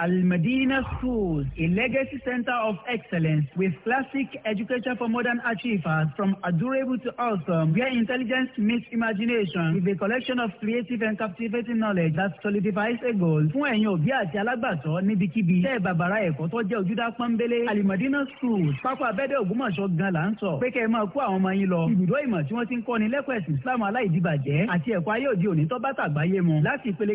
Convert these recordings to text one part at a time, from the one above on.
al Medina Schools, a legacy center of excellence with classic education for modern achievers from adorable to awesome, where intelligence meets imagination with a collection of creative and captivating knowledge that solidifies a goal. Fún ẹ̀yin òbí àti alágbàtọ́ níbikíbi, tẹ́ bàbàrà ẹ̀kọ́ tó jẹ́ ojúdá pọ́nbélé. al Medina Schools, pápá abẹ́dẹ̀ ògbómọ̀ṣọ́ gan la ń sọ. Pé kẹ́ ẹ máa kó àwọn ọmọ yín lọ. Ibùdó ìmọ̀ tí wọ́n ti ń kọ́ni lẹ́kọ̀ọ́ ẹ̀sìn Islam aláìdíbàjẹ́ àti ẹ̀kọ́ ayé òde òní tó bá tàgbáyé mu. Láti ìpele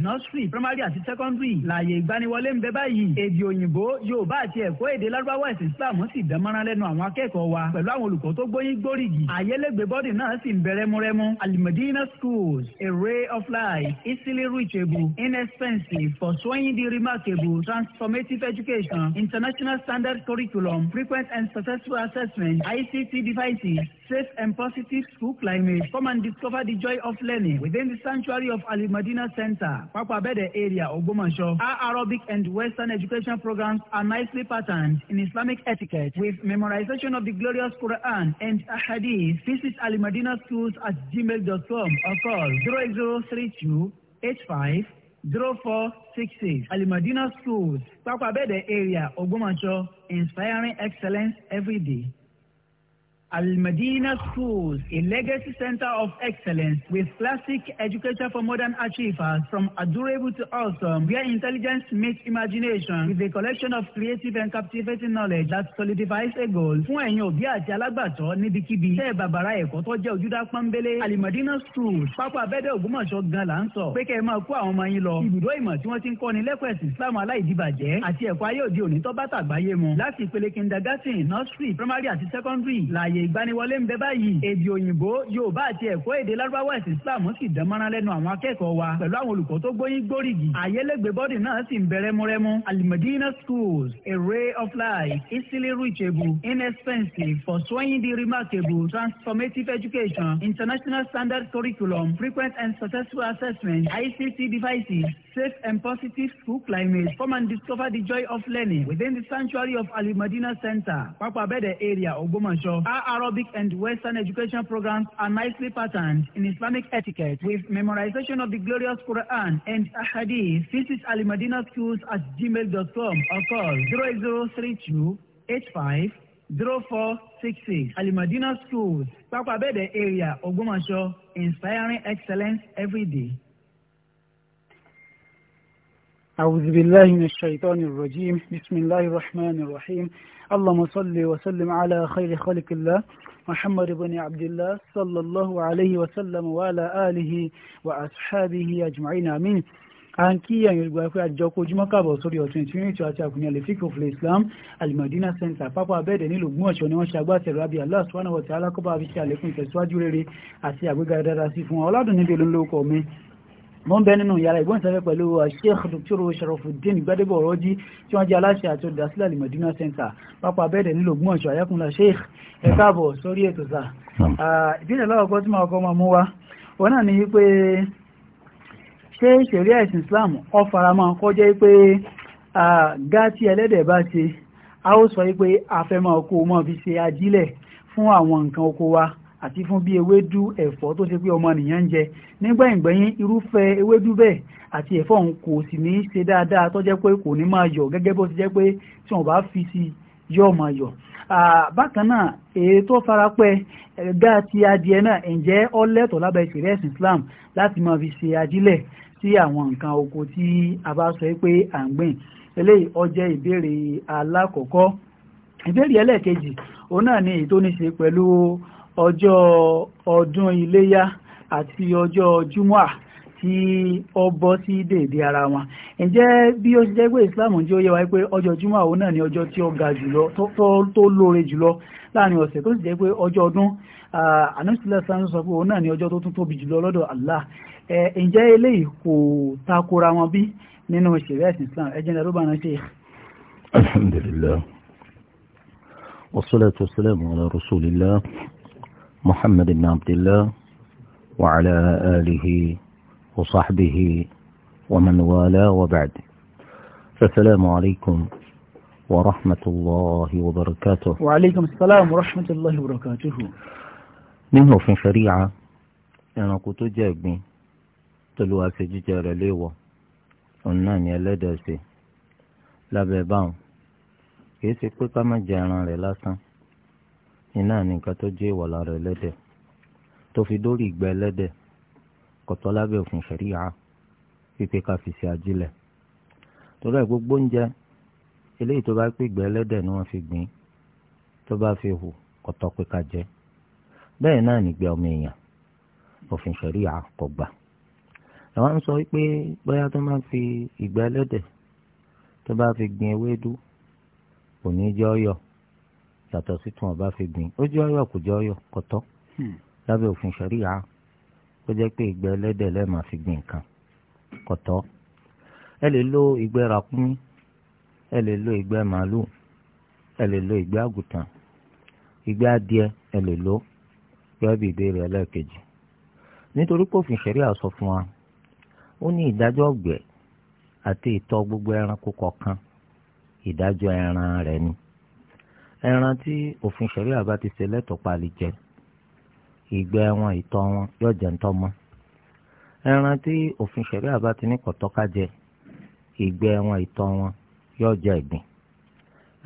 nursery, primary àti secondary láàyè ìgbaniwọlé ń bẹ báyìí èdè òyìnbó yorùbá àti ẹ̀kọ́ èdè lárúbáwá ẹ̀sìn islam sì dánmọ́rán lẹ́nu àwọn akẹ́kọ̀ọ́ wa pẹ̀lú àwọn olùkọ́ tó gbóyin gbóríyìn àyẹlẹ́gbẹ́ bọ́dì náà sì ń bẹ rẹ́múrẹ́mú alimadina schools a ray of light easily reachable inexpensive for showing the remarkable transformative education international standard curriculum frequent and successful assessment ICT devices safe and positive school climate come and discover the joy of learning within the sanctuary of alimadina center pápá abẹ́dẹ̀ area Ògbómọ̀ṣọ́. Arabic and Western education programs are nicely patterned in Islamic etiquette with memorization of the glorious Quran and Ahadith. Visit Al Madina Schools at gmail.com or call 0032 85 0466. Madina Schools, Papa Bede area, Ogumacho, inspiring excellence every day. Al Medina Schools, a legacy center of excellence with classic education for modern achievers from adorable to awesome, where intelligence meets imagination with a collection of creative and captivating knowledge that solidifies a goal. Fún ẹ̀yin òbí àti alágbàtọ́ níbikíbi, tẹ́ bàbàrà ẹ̀kọ́ tó jẹ́ ojúdá pọ́nbélé. Al Medina Schools, pápá abẹ́dẹ̀ Ògbómọ̀ṣọ́ gan la ń sọ. Pé kẹ́ ẹ máa kó àwọn ọmọ yín lọ. Ibùdó ìmọ̀ tí wọ́n ti ń kọ́ ni lẹ́kọ̀ọ́ ẹ̀sìn Islam aláìdíbàjẹ́ àti ẹ̀kọ́ ayé òde òní tó bá tàgbáyé mu. Láti ìpele nursery, primary àti secondary láàyè ààyè ìgbaniwọlé ń bẹ báyìí èdè òyìnbó yorùbá àti ẹ̀kọ́ èdè lárúbáwá ẹ̀sìn islam sì dánmọ́rán lẹ́nu àwọn akẹ́kọ̀ọ́ wa pẹ̀lú àwọn olùkọ́ tó gbóyin gbóríyì àyẹlẹ́gbẹ́ bọ́dì náà sì ń bẹ rẹ́múrẹ́mú alimadina schools a ray of light easily reachable inexpensive for swaying the remarkable transformative education international standard curriculum frequent and successful assessment ICT devices safe and positive school climate come and discover the joy of learning within the sanctuary of alimadina center pápá bẹ́ẹ̀dẹ̀ area ògbómọ̀ṣọ́ Arabic and Western education programs are nicely patterned in Islamic etiquette with memorization of the glorious Quran and Ahadith. Visit Alimadina Schools at gmail.com or call 0032 85 0466. Schools, Papa Bede area, Ogbomoso, inspiring excellence every day. أعوذ بالله من الشيطان الرجيم بسم الله الرحمن الرحيم اللهم صل وسلم على خير خلق الله محمد بن عبد الله صلى الله عليه وسلم وعلى آله وأصحابه أجمعين آمين a ń kí ẹ̀yin olùgbà pé àjọ kojúmọ́ kàbọ̀ sórí ọ̀tún ìtúnyìn ètò àti àkùnrin àlèfíkò fún Islam Al-Madina Center pápá abẹ́ẹ̀dẹ̀ nílùú Ògbómọ̀ṣọ́ ni wọ́n ṣe agbátẹrù abiy Allah subhanahu wa ta'ala alákọ́bà àbíṣe àlékún ìtẹ̀síwájú rere àti àgbéga dáadáa sí fún ọlọ́dún níbi olóńlọ́kọ̀ mi wọ́n bẹ nínú yàrá ìgbóhùnsáfẹ́ pẹ̀lú Sheikh Dr. Sharafuddin Gbadebo Ọ̀rọ̀jì tí wọ́n jẹ́ aláṣẹ àti olùdásílẹ̀ Al-Madina Center pápá abẹ́ẹ̀dẹ̀ nílò gbọ́nsọ̀ ayákùnlá sheikh ẹ káàbọ̀ sórí ètò sá ìbílẹ̀ láwọ̀kọ́ tí màá kọ́ máa mú wa wọn náà ní pé ṣé ṣẹ̀ríà ẹ̀sìn Islam ọ fara máa kọ́ jẹ́ pé gá tí ẹlẹ́dẹ̀ bá ṣe a ó sọ pé a fẹ́ máa kó o máa fi ṣe ajílẹ̀ fún àwọn nǹkan oko wa àti fún bí ewédú ẹ̀fọ́ tó ṣe pé ọmọ nìyẹn ń jẹ nígbà ìgbẹ̀yìn irúfẹ́ ewédú bẹ́ẹ̀ àti ẹ̀fọ́ òun kò sì ní í ṣe dáadáa tó jẹ́ pé kò ní máa yọ̀ gẹ́gẹ́ bó ti jẹ́ pé tí wọ́n bá fi sí yóò máa yọ̀. bákan náà èyí tó farapẹ́ ẹ̀gá ti adìẹ náà ǹjẹ́ ó lẹ́tọ̀ọ́ lábẹ́ ìṣẹ̀lẹ̀ ẹ̀sìn Islam láti máa fi ṣe ajílẹ̀ sí àwọn nǹkan oko tí a bá sọ pé à ń gbìn eléyìí ó ni èyí tó ọjọ́ ọdún iléyá àti ọjọ́ júmọ́à tí ó bọ́ sí dèédé ara wọn ǹjẹ́ bí ó jẹ́ pé Islam ń jẹ́ ó yẹ wáyé pé ọjọ́ júmọ́à òun náà ni ọjọ́ tí ó ga jùlọ tó lóore jùlọ láàrin ọ̀sẹ̀ tó sì jẹ́ pé ọjọ́ ọdún anusila sanu sọ pé òun náà ni ọjọ́ tó tún tóbi jùlọ lọ́dọ̀ Allah ǹjẹ́ eléyìí kò takora wọn bí nínú ìṣẹ̀rẹ́ ẹ̀sìn Islam ẹ̀jẹ̀ ní arúgbó àná ṣe. alhamdulillah wassalatu wassalamu ala محمد بن عبد الله وعلى آله وصحبه ومن والاه وبعد فالسلام عليكم ورحمة الله وبركاته وعليكم السلام ورحمة الله وبركاته منه في شريعة أنا قلت جابني تلوى ججال ليوة ونان يلدسي بيبان كيسي كما جانا للاسان iná nìkan tó jẹ́ ìwà lára ẹlẹ́dẹ̀ tó fi dórí ìgbẹ́ ẹlẹ́dẹ̀ kọ̀tọ́ lábẹ́ òfin ṣẹ̀ríyà pípé ká fi ṣe ajílẹ̀ torí ẹ̀ gbogbo oúnjẹ eléyìí tó bá pé ìgbẹ́ ẹlẹ́dẹ̀ ni wọ́n fi gbìn tó bá fi hù kọ̀tọ́ pé ká jẹ bẹ́ẹ̀ náà nìgbẹ́ ọmọ èèyàn òfin ṣẹ̀ríyà kò gbà àwọn ń sọ pé bóyá tó máa fi ìgbẹ́ ẹlẹ́dẹ̀ tó bá fi gbìn ewédú kò ní jẹ́ ọ̀yọ́ yàtọ̀ sí tí wọn bá fi gbìn ó jẹ́ ọyọ̀ kò jẹ́ ọyọ̀ kọ́tọ́ hmm. lábẹ́ òfin ṣẹ̀ríyà ó jẹ́ pé ìgbẹ́ ẹlẹ́dẹ̀ lẹ́ẹ̀ máa fi gbìn nǹkan kọ́tọ́ ẹ lè lo ìgbẹ́ ràkúnmí ẹ lè lo ìgbẹ́ màálù ẹ lè lo ìgbẹ́ àgùtàn ìgbẹ́ adìẹ ẹ lè lo gẹ́gẹ́ bí ìbéèrè ẹlẹ́ẹ̀kejì nítorí pé òfin ṣẹ̀ríyà sọ fún wa ó ní ìdájọ́ ọ̀gbẹ́ àti ìtọ̀ gbogbo ẹranko kọ̀ọ̀kan ìdájọ́ ẹran rẹ̀ ni. Hmm ẹran tí òfin ṣẹ̀ríà bá ti ṣe lẹ́tọ̀ọ́ palẹ̀ jẹ ìgbẹ́ wọn ìtọ̀ wọn yóò jẹ́ ńtọ́ mọ́ ẹran tí òfin ṣẹ̀ríà bá ti ní kọ̀tọ́ká jẹ ìgbẹ́ wọn ìtọ̀ wọn yóò jẹ́ ìgbín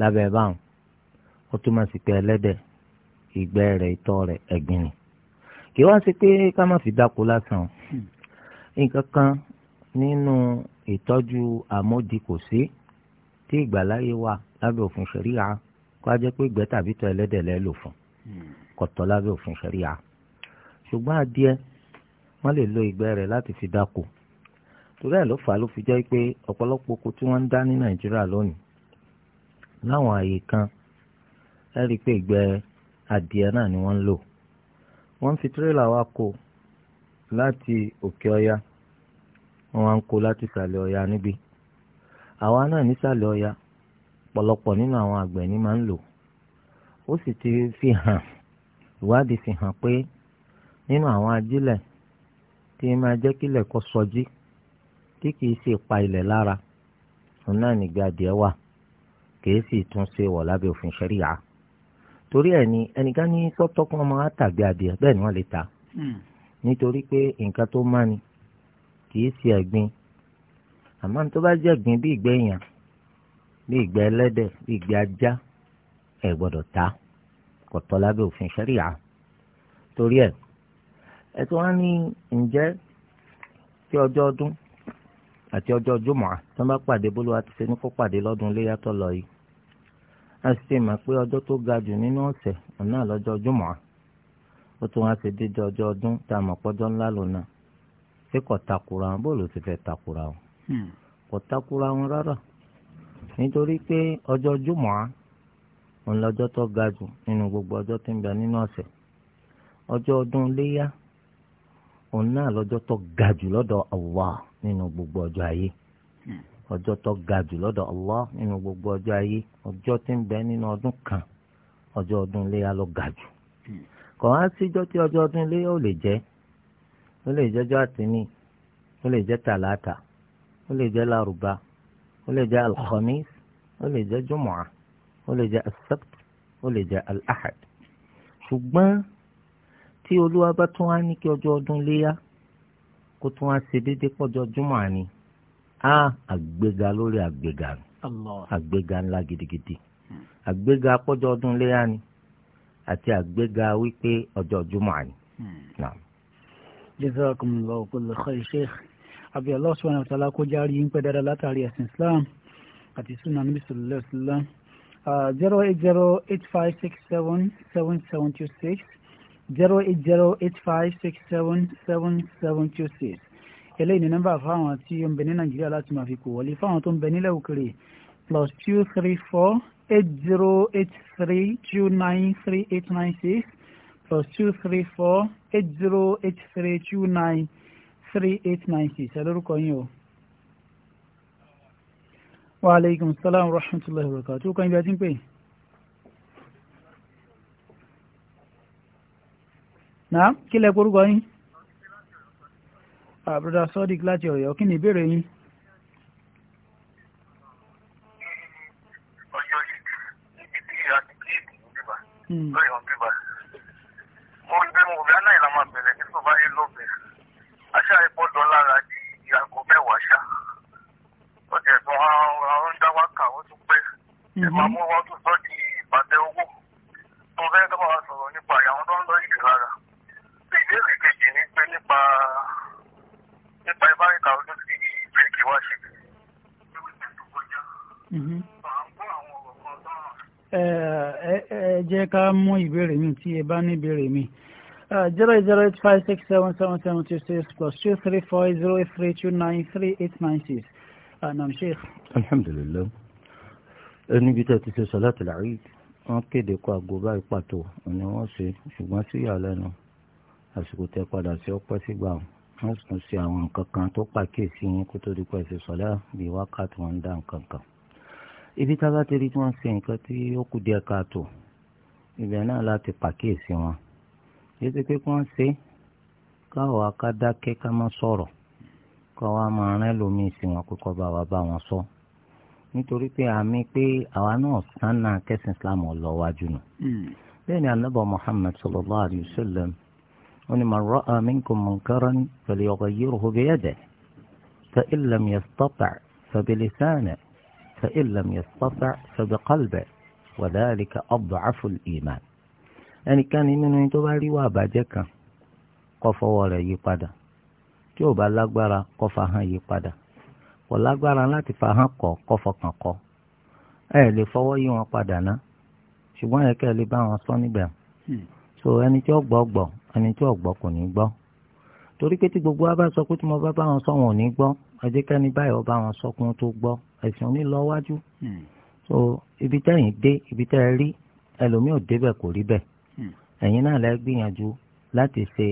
lábẹ́ báwọn ó túmọ̀ sí pé ẹlẹ́dẹ̀ ìgbẹ́ rẹ̀ ìtọ̀ rẹ̀ ẹ̀gbin ni kì í wá sí pé ká má fi dáko lásán o nǹkan kan nínú ìtọ́jú àmódi kò sí tí ìgbàláyé wà lábẹ́ òfin ṣẹ̀ríà kó a jẹ́ pé ìgbẹ́ tàbí tọ́ ẹlẹ́dẹ̀ lẹ́ lò fún hmm. kọ̀tọ́ lábẹ́ òfin ṣẹ̀ríà ṣùgbọ́n adìẹ wọ́n lè lo ìgbẹ́ rẹ̀ láti fi dáko torí ẹ̀ ló fà á ló fi jẹ́ pé ọ̀pọ̀lọpọ̀ oko tí wọ́n ń dá ní nàìjíríà lónìí láwọn àyè kan ẹ rí i pé ìgbẹ́ adìẹ náà ni wọ́n ń lò wọ́n fi tírélà wa kó láti òkè ọya wọ́n wá ń kó láti ìsàlẹ̀ ọya níbí àwa náà nísàlẹ̀ ọya pọ̀lọpọ̀ nínú àwọn àgbẹ̀ ni máa ń lò ó sì ti fi hàn ìwádìí fi hàn pé nínú àwọn ajílẹ̀ tí máa jẹ́ kílẹ̀ kó sọjí tí kìí ṣe pa ilẹ̀ lára òun náà nìgbà díẹ̀ wà kìí sì tún ṣe wọ̀ lábẹ́ òfin ṣẹ́ríyà torí ẹ̀ ni ẹnìkan ní sọ́tọ́ kan máa tàgbé adìẹ ni wọ́n lè ta hmm. nítorí pé nǹkan tó máa ni kìí ṣe ẹ̀gbin àmọ́ tó bá jẹ́ ẹ̀gbin bí ìgbẹ́ yẹn bí ìgbẹ́ ẹlẹ́dẹ̀ bí ìgbẹ́ ajá ẹ̀ gbọ́dọ̀ ta kò tọ́ lábẹ́ òfin ṣẹ́ríà torí ẹ̀ ẹ tí ní ǹjẹ́ tí ọjọ́ ọdún àti ọjọ́ jùmọ̀á tí wọ́n bá pàdé bólúwa àti ṣe ní kó pàdé lọ́dún iléyà lọ yìí a sì ṣe mọ̀ pé ọjọ́ tó ga jù nínú ọ̀sẹ̀ ọ̀nà lọ́jọ́ jùmọ̀á ó tún wá ṣe ọjọ́ ọdún tá a mọ̀ pọ́jọ́ ńlá lòna ṣé ti fẹ́ takura hmm. nítorí pé ọjọ́ jùmọ̀á òun lọ́jọ́ tó ga jù nínú gbogbo ọjọ́ tó ń bẹ nínú ọ̀sẹ̀ ọjọ́ ọdún léyà òun náà lọ́jọ́ tó ga jù lọ́dọ̀ Allah nínú gbogbo ọjọ́ ayé ọjọ́ tó ga jù lọ́dọ̀ Allah nínú gbogbo ọjọ́ ayé ọjọ́ tó ń bẹ nínú ọdún kan ọjọ́ ọdún léyà ló ga jù kò wá síjọ́ tí ọjọ́ ọdún léyà ò lè jẹ́ ó lè jẹ́jọ́ àtìní ó lè jẹ́ tàlátà ó lè jẹ́ lárúbá lè جاء الخميس ó جاء jẹ́ jumu'a جاء السبت jẹ́ جاء الأحد شو jẹ́ alahad ṣùgbọ́n tí olúwa bá tún wá ní kí ọjọ́ ọdún léyà kó tún wá ṣe déédéé pọ̀jọ́ jumu'a ni á àgbéga lórí àgbéga ni àgbéga ńlá gidigidi àgbéga pọ̀jọ́ ọdún léyà ni àti àgbéga wípé ọjọ́ jumu'a ni. Hmm. jazakumullahu kullu khair sheikh àbí Allah subhanahu wa ta'ala kó járí ń pẹ́ dáadáa látàrí ẹ̀sìn islam àti sunan nabi sallallahu alayhi wa sallam uh, zero eight zero eight five six seven seven seven two six zero eight zero eight five six seven seven seven two six eléyìí ni nọ́mbà fáwọn tí ó ń bẹ ní nàìjíríà láti máa fi kó wọlé fáwọn tó ń bẹ nílẹ̀ òkèrè plus two three four eight zero eight three two nine three eight nine six plus two three four eight zero eight three two nine three eight nine six ẹ lórúkọ yín o. wa aleykum salaam wa rahmatulahi wa barakatuh tó kàn a ti ń pè é. náà korúkọ yín àbúrò ah, sọ́dík láti ọ̀yọ́ kí ni ìbéèrè yín. Hmm. ọjọ́ ìdí ìdí àti bíbí ìdí bá. Mm-hmm. ìmọ̀ mm-hmm. jẹ́ ká mú ìbéèrè mi tí ẹ bá ní ìbéèrè mi uh, zero eight zero eight five six seven seven seven two six plus two three four zero eight three two nine three eight nine six. Uh, naam sheikh. alhamdulilayi níbi tó ti ṣe sọ̀láàtì làárí wọ́n kéde kó aago báyìí pàtó ni wọ́n ṣe ṣùgbọ́n sí ìyàlẹ́nu àsìkò tẹ padà sí ọpẹ́ sígbà wọ́n sì tún ṣe àwọn nǹkan kan tó pàkíyèsí yín kó tó di pẹ́ ṣe sọ̀lá bíi wákàtí wọn ń dá nǹkan kan. ibi tá a bá ti rí tí wọ́n ṣe nǹkan tí ó kù díẹ̀ káàtó ibẹ̀ náà láti pàkíyèsí wọn. yíṣe pé kí wọ́n ṣe káwọ́ akádákẹ́ ká má sọ̀rọ̀ káwọ́ á máa rẹ́ lómi ìsìn wọn kó kọ́ bá wa bá wọn sọ nítorí pé àmì pé àwa náà sánà kẹsìn islam ọlọ ọlọ́wájú nù. bẹ́ẹ̀ ni anábọ̀ muhammed sallallahu alayhi wa sallam ó ní man ra'a minkum munkaran falyughayyirhu biyadihi fa in lam yastati' fa bilisanihi fa in lam yastati' fa biqalbihi wa dhalika ad'afu al-iman. ẹnikẹ́ni nínú tó bá rí wà bàjẹ́ kan kó fọwọ́ rẹ̀ yí padà tí ò bá lágbára kó hàn yí padà kò lágbára láti fahàn kọ kọ fọkàn kọ ẹ lè fọwọ́ yí wọn padà ná ṣùgbọ́n ẹ lè bá wọn sọ níbẹ̀ hmm. so ẹni tí ó gbọ́ gbọ́ ẹni tí ó gbọ́ kò ní gbọ́ torí pé tí gbogbo wa bá sọ pé tí mo bá bá wọn sọ wọn ò ní gbọ́ ẹ kẹ́ni báyìí ọba wọn sọ kún tó gbọ́ ẹ̀sìn òní lọ wájú hmm. so ibi tẹ́yìn dé ibi tẹ́ ẹ rí ẹlòmíì ò débẹ̀ kò rí bẹ́ẹ̀ hmm. ẹ̀yin náà lẹ gbìyànjú láti ṣe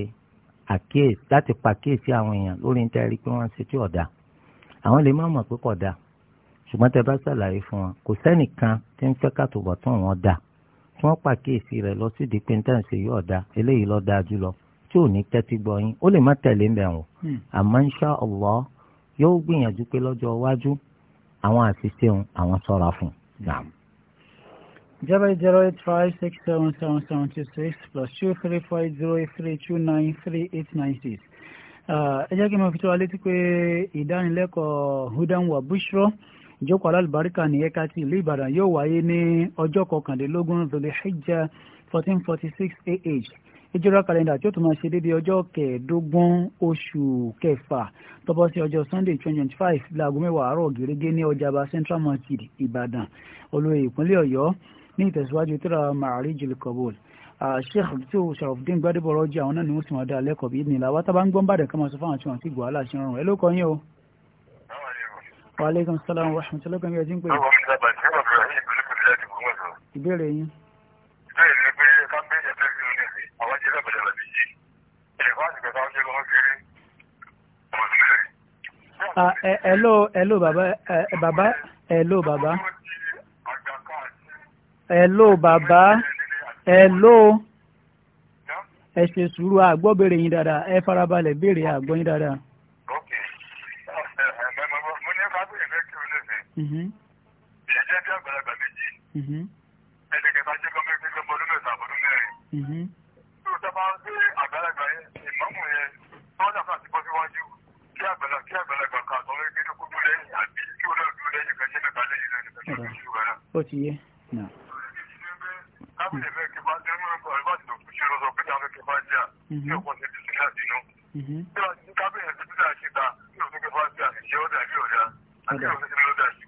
àkíyèsí láti pàkíyèsí àwọn èèyàn lórí ní tẹ́ ẹ rí pé wọ́n ṣe tí ọ̀dà àwọn lè má mọ̀ pé kò dáa ṣùgbọ́n tẹ bá ṣàlàyé fún wọn kò sẹ́nìkan tí ń fẹ́ kàtòbọ̀ tán wọn dáa tí wọ́n pàkíyèsí rẹ̀ lọ sí dípé ń tẹ̀sí yóò dáa eléyìí lọ dáa jùlọ tí ò ní tẹ́tí gbọ́ yín ó lè má tẹ̀lé ń bẹ̀ wọ̀ hmm. àmọ́ insha Allah yóò gbìyànjú pé lọ́jọ́ iwájú àwọn àṣìṣe òun àwọn sọ̀ra fún un. zero eight zero eight five six seven seven seven two six plus two three five zero eight three two nine three eight nine six ẹ jẹ́ kí n máa fi tó wa létí pé ìdánilẹ́kọ̀ọ́ hudan wa bushro ìjókòó alálùbáríkà ní ẹ̀ka ti ìlú ìbàdàn yóò wáyé ní ọjọ́ kọkànlélógún zoli hijja fourteen forty six ah ìjọra kàlẹ́ndà tí ó tún máa ṣe débi ọjọ́ kẹẹ̀ẹ́dógún oṣù kẹfà tọ́pọ̀ sí ọjọ́ sunday twenty twenty five láago mẹ́wàá àárọ̀ gẹ́gẹ́ ní ọjàba central mosque ìbàdàn olóyè ìpínlẹ̀ ọ̀yọ́ ní ìtẹ̀síwájú tíra ma'arijil qabul sheikh tí o sharafdin gbadebo rọjí àwọn náà ni wọ́n sì máa dá a lẹ́kọ̀ọ́ bíi nìlá wa tábà ń gbọ́n bàdẹ̀ ká máa sọ fáwọn tí wọ́n ti gbọ́ aláṣẹ rọrùn ẹ ló kọ yín o. wa aleykum salaam wa rahmatulah kan bí ẹ ti ń pè. ìbéèrè yín. ìbéèrè ni pé ká gbé ìyàtọ̀ sí inú nísì àwọn jẹ́ lábẹ́lẹ́ làbí yìí ẹ̀fọ́ àti kẹta ọjọ́ lọ́wọ́ kéré ẹ̀lò ẹ̀lò bàbá ẹ̀lò eh, eh, bàbá ẹ̀lò bàbá hello ẹ ṣe sùúrù àgbọ́ béèrè yín dáadáa ẹ farabalẹ̀ béèrè àgbọ́ yín dáadáa. ok mo ní ká bèrè fẹ́ kí o lè fẹ́. ìyá mhm. jẹ́ bí àgbàlagbà méjì. Mhm. ẹ̀ẹ́dẹ̀gẹ̀ta jẹ́ kọ́mọ́ ẹgbẹ́ ọmọ ọdún mẹ́ta ọdún mẹ́rin. Mhm. tí o dábàá ń gbé àgbàlagbà yẹn ìmọ̀mù yẹn tí wọ́n dàgbà ti bọ́ síwájú kí àgbàlagbà kan àtọ́wé gbé tó kúkú lẹ́yìn àbí kí o náà dúró lẹ́yìn kan ṣẹ́ láti ẹ̀fẹ́ kẹfà jẹ́ nínú ọ̀rọ̀ ìbáṣepọ̀ tó ṣe lọ́sọ̀ pé káfẹ́ kẹfà jà tí ọ̀pọ̀ ṣe ti sílẹ̀ dínú. bí wàá ti káfẹ́ yẹn ti sílẹ̀ o tí òfin kẹfà jà ìṣe ọ̀dà ilé ọ̀dà àti òfin sílẹ̀ ọ̀dà ṣe.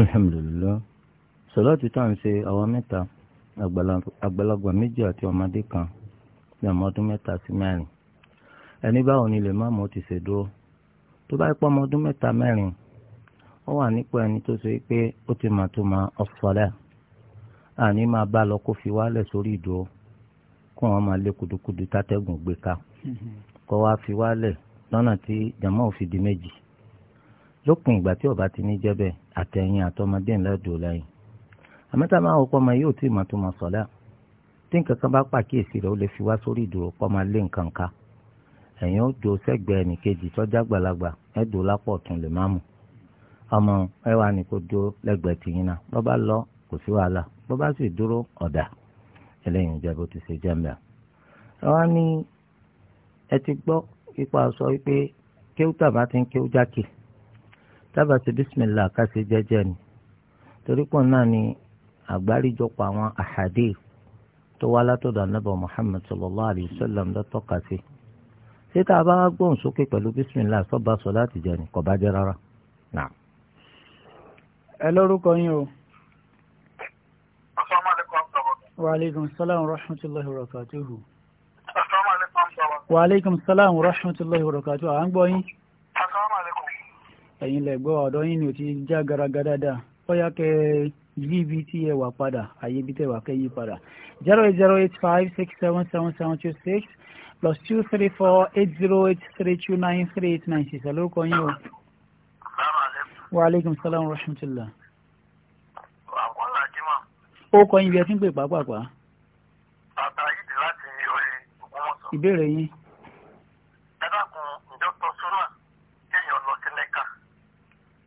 alhamdulilah sọláàtì tá à ń ṣe àwa mẹ́ta àgbàlagbà méjì àti ọmọdé kan ní ọmọ ọdún mẹ́ta sí mẹ́rin ẹni báwo ni lè má mọ́ ti ṣèdúró tó bá pọ́ ọmọ ọdún mẹ́ta mẹ́rin ó wà nípò ẹni tó ṣe pé ó ti mà tó ma ọ̀fọ̀lẹ́ àní máa bá lọ kó fi wálẹ̀ sórí ìdúró kó wọn máa lé kudukudu tátẹ́gùn gbé ká kó wá fi wálẹ̀ lọ́nà tí jàmọ́ ò fi di méjì lópin ìgbà tí ọba ti ní jẹ́bẹ̀ àtẹ̀yìn àtọmọdé ńlẹ́dùn lẹ́yìn àmọ́tá máa wọ́pọ̀ ọmọ yóò tí ì máa sọ̀lá tí nǹkan kan bá pàkíyèsí rẹ̀ ó lè fi wá sórí ìdúró kó máa lé nǹkan ká do sẹ́gbẹ̀ẹ́ lápọ̀ ọ̀tún lè má ọmọ do lẹ́gbẹ̀ẹ́ lọ kò sí wàhálà bó bá sì dúró ọ̀dà eléyìí ń jẹ́ bó ti ṣe jẹ́ mẹ́à. àwọn ní ẹ ti gbọ́ ipa sọ wípé kéwú tàbá ti ń kéwú jákè tábà ti bísímìlà kásì jẹ́jẹ́ ni torí pọ̀ náà ni àgbáríjọpọ̀ àwọn àhàdé tó wá látọ̀dọ̀ anábọ̀ Muhammad sallallahu alayhi wa sallam lọ́tọ́ka sí ṣé tá a bá wá sókè pẹ̀lú bísímìlà sọ́ba sọ láti jẹ ni kò bá jẹ́ rárá. ẹ lórúkọ yín o. Wa alaikum salam wa rahmatullahi wa barakatuhu. Wa alaikum salam wa rahmatullahi wa barakatuhu. À ń gbọ́ yín. Ẹ̀yin lẹ̀gbọ́ ọ̀dọ́ yín ni ò ti já garaga dáadáa. Ó yá kẹ́ wà padà, àyè ibi plus two three four eight zero eight three two ó kọ yín bí ẹ ti ń pè pàápàá. bàbá yìí dé láti orí Ògbómọ̀ṣọ́. ìbéèrè yín. ẹ dákun ǹjọ́ tọ́ súnà kéèyàn lọ sí Mẹ́kà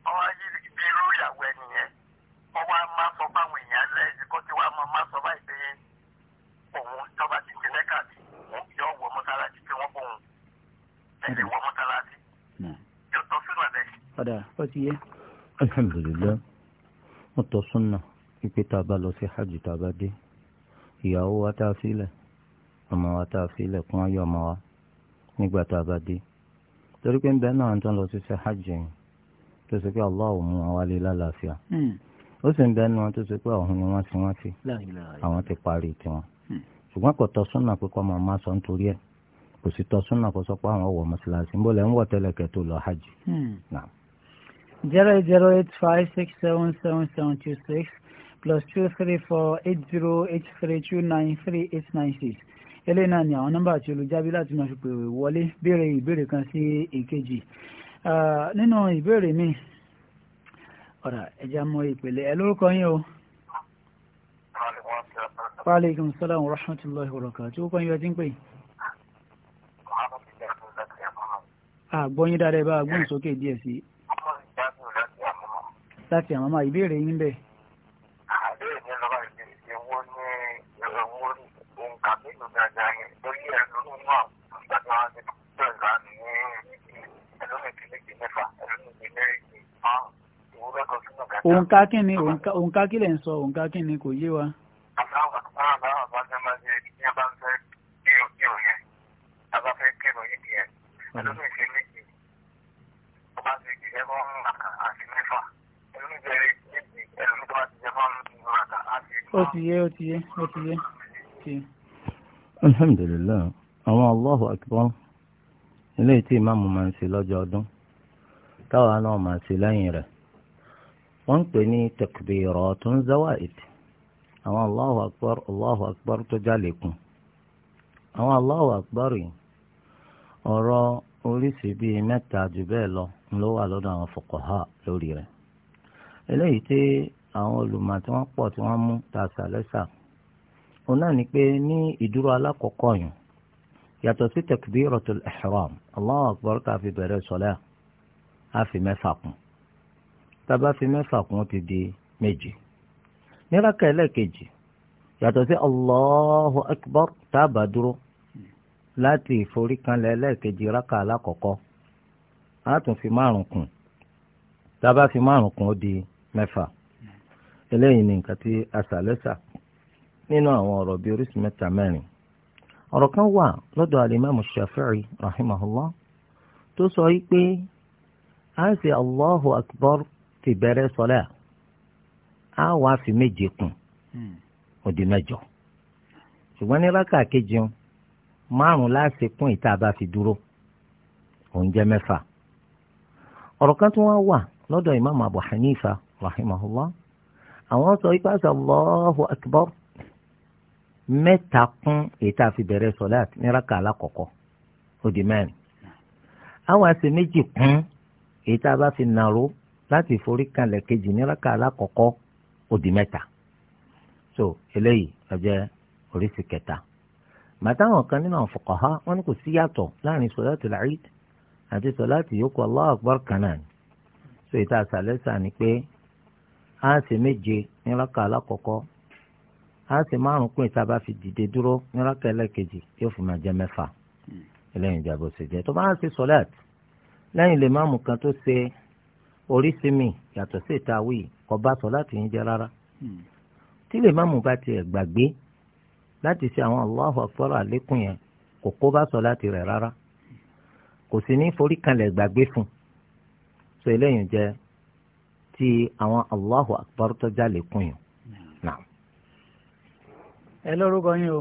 ọwọ́ ayé bí irú ìyàwó ẹ ọwọ́ a sọ fáwọn èèyàn lẹ́yìn kó tí wàá máa sọ báyìí pé òun tọ́ba ti ti Mẹ́kà ti yọ wọ mọ́sálásí tí wọ́n bóun ẹ̀sìn wọ mọ́sálásí. yóò tọ́ súnà bẹ́ẹ̀. padà ó ti yẹ. alhamdulilayi wọ́n tọ́ súnà pípé tá a bá lọ sí hajj tá a bá dé ìyàwó wa tá a sílẹ̀ ọmọ wa tá a sílẹ̀ kún ayé ọmọ wa nígbà tá a bá dé torí pé ń bẹ́ẹ̀ náà ń tán lọ sí sí hajj yẹn tó ṣe pé Allah ò mú wọn wálé lálàáfíà hmm. ó sì ń bẹ́ẹ̀ náà tó ṣe pé ọ̀hún ni wọ́n ti wọ́n ti àwọn ti parí tiwọn hmm. ṣùgbọ́n kò tọ́ súnà pé kọ́ máa má sọ nítorí ẹ̀ kò sì tọ́ súnà kó sọ pé àwọn ọ̀wọ́ mọ́ṣáláṣí ń bọ̀ lẹ́ ń wọ̀ tẹ́lẹ̀ kẹ́ tó lọ hajj. Hmm. zero eight zero eight five six seven seven seven two six plus two three four eight zero eight three two nine three eight nine six eléyìí náà ni àwọn nọ́mbà àti olùjábí láti máa fi pè wọlé béèrè ìbéèrè kan sí èkejì nínú ìbéèrè mi ọ̀rà ẹja mọ ìpele ẹ lórúkọ yín o. waaleykum salaam wa rahmatulahi wa barakatuh tí ó kọ́ yín ọtí ń pè. àgbọ̀nyin dáadáa bá a gbóhùn sókè díẹ̀ sí i. láti àmọ́mọ́ ìbéèrè yín bẹ́ẹ̀. òǹkà kí ni òǹkà kí lẹ̀ ń sọ òǹkà kí ni kò yé wa. ó ti yé ó ti yé ó ti yé alhamdulilayi àwọn allahu akbar eléyìí tí ìmáàmù máa ń ṣe lọ́jọ́ ọdún táwa náà máa ṣe lẹ́yìn rẹ̀ wọ́n ń pè ní takbiratun zawaid àwọn allahu akbar allahu akbar tó jálè kún àwọn allahu akbar yìí ọ̀rọ̀ oríṣìí bíi mẹ́ta jù bẹ́ẹ̀ lọ ló wà lọ́dọ̀ àwọn fuqaha lórí rẹ̀ eléyìí tí àwọn olùmọ̀ tí wọ́n pọ̀ tí wọ́n mú ta sàlẹ́sà òun náà ni pé ní ìdúró alákọ̀ọ́kọ́ yẹn yàtọ̀ sí takbiratul ihram Allahu akbar ká fi bẹ̀rẹ̀ sọ́lá á fi mẹ́fà kún tá bá fi mẹ́fà kún ó ti di méje ní rákà ẹlẹ́ẹ̀kejì yàtọ̀ sí Allahu akbar tá bá dúró láti ìforíkanlẹ̀ ẹlẹ́ẹ̀kejì rákà alákọ̀ọ́kọ́ á tún fi márùn kún tá fi márùn kún ó di mẹ́fà eléyìí ni nǹkan tí a sàlẹ́sà nínú àwọn ọ̀rọ̀ bíi oríṣi mẹ́ta mẹ́rin ọ̀rọ̀ kan wà lọ́dọ̀ alimami shafi'i rahimahullah tó sọ yìí pé a ń ṣe allahu akbar ti bẹ̀rẹ̀ sọlẹ̀ a wàá fi méje kún hmm. ó di mẹ́jọ ṣùgbọ́n ní rákà kejì márùn láti kún ìta bá fi dúró òun jẹ́ mẹ́fà ọ̀rọ̀ kan tó wá wà lọ́dọ̀ imam abu hanifa rahimahullah àwọn sọ yìí pé a ṣe allahu akbar mẹ́ta kún èyí tá a fi bẹ̀rẹ̀ sọ̀láàtì ní rákà alákọ̀ọ́kọ́ ó di mẹ́rin àwọn àṣẹ méjì kún èyí tá a bá fi nàró láti forí kanlẹ̀ kejì ní alákọ̀ọ́kọ́ ó mẹ́ta so eléyìí ó jẹ́ oríṣi kẹta màtáwọn kan nínú àwọn fuqaha wọn ni kò sí yàtọ̀ láàrin sọ̀láàtì al-Eid àti sọ̀láàtì yòókù Allahu Akbar kan náà so èyí tá a sàlẹ̀ sà ni pé àṣẹ méje ní rákà alákọ̀ọ́kọ́ a sì márùn pín ìta bá fi dìde dúró níraka ẹlẹ́kejì yóò fi máa jẹ mẹ́fà ẹlẹ́yìn ìjà bó ṣe jẹ́ tó bá ń ṣe sọ́láàt lẹ́yìn lè má mú kan tó ṣe oríṣi mi yàtọ̀ sí ìta wíì kò bá sọ́láàt yín jẹ́ rárá tí lè má bá tiẹ̀ gbàgbé láti ṣe àwọn Allahu akbar àlékún yẹn kò kó bá sọ́láàt rẹ̀ rárá kò sì ní forí kanlẹ̀ gbàgbé fún so eléyìí jẹ́ ti àwọn Allahu akbar tó já lékún yẹn náà ẹ lórúkọ yín o.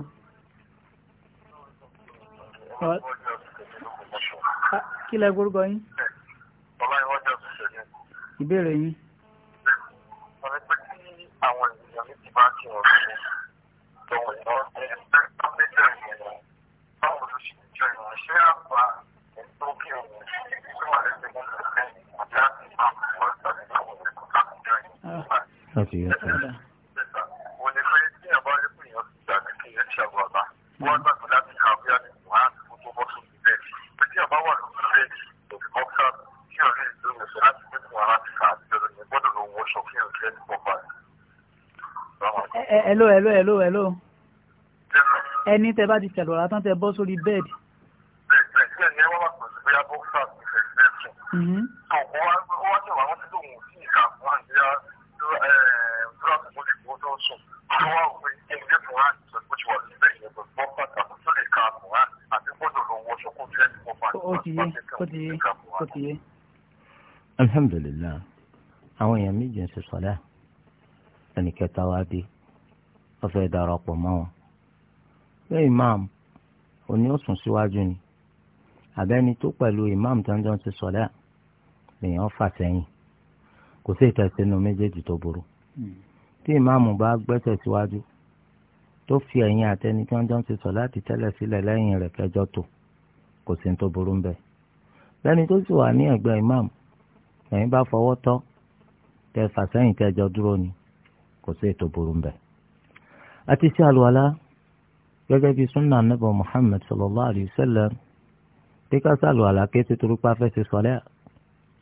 kí lẹ gbórúkọ yín. ìbéèrè yín. àwọn ènìyàn wọ́n gbàgbé láti kà bí àti wọ́n á kó tó bọ́ sí ilé pé tí ọba wà lórí ilé òfin bọ́ksá tí ọ̀rẹ́ ìlú rẹ̀ sọ láti gbé wọn láti kà àti ọ̀rẹ́ yẹn gbọ́dọ̀ lọ wọ ṣọ fún ọ̀rẹ́ ẹni pọ̀pá. Hello, hello, hello, hello. ẹni tẹ bá ti tẹ̀lọ̀ látàn tẹ bọ́ sórí bẹ́ẹ̀dì. bẹ́ẹ̀ bẹ́ẹ̀ tí ẹ̀ ti yé ó ti yé ó ti yé. alhamdulilayi àwọn èèyàn méjì ń ṣe sọlá ẹnì kẹta wá dé wọ́n fẹ́ẹ́ darapọ̀ mọ́ wọn lẹ́yìn imam òní ó sùn síwájú ni àbẹ́ni tó pẹ̀lú imam tó ń jọ ń ṣe sọlá lèèyàn fà sẹ́yìn kò sí ìtẹ̀sínú méjèèjì tó burú tí ìmáàmù bá gbẹ́sẹ̀ síwájú tó fi ẹ̀yìn àtẹni tí wọ́n jọ ń ṣe sọ láti tẹ́lẹ̀ sílẹ̀ lẹ́yìn rẹ̀ kẹjọ tó kò sí tó burú ń bẹ lẹ́ni tó sì wà ní ẹ̀gbẹ́ imam lẹ́yìn bá fọwọ́ tọ́ tẹ fàsẹ́yìn tẹjọ dúró ni kò sí tó burú ń bẹ. a ti ṣe àlùwàlá gẹ́gẹ́ bí sunna nebo muhammed sallallahu alayhi wa sallam bí ká ṣàlùwàlá ké ti torí pa fẹ́ ṣe sọlẹ́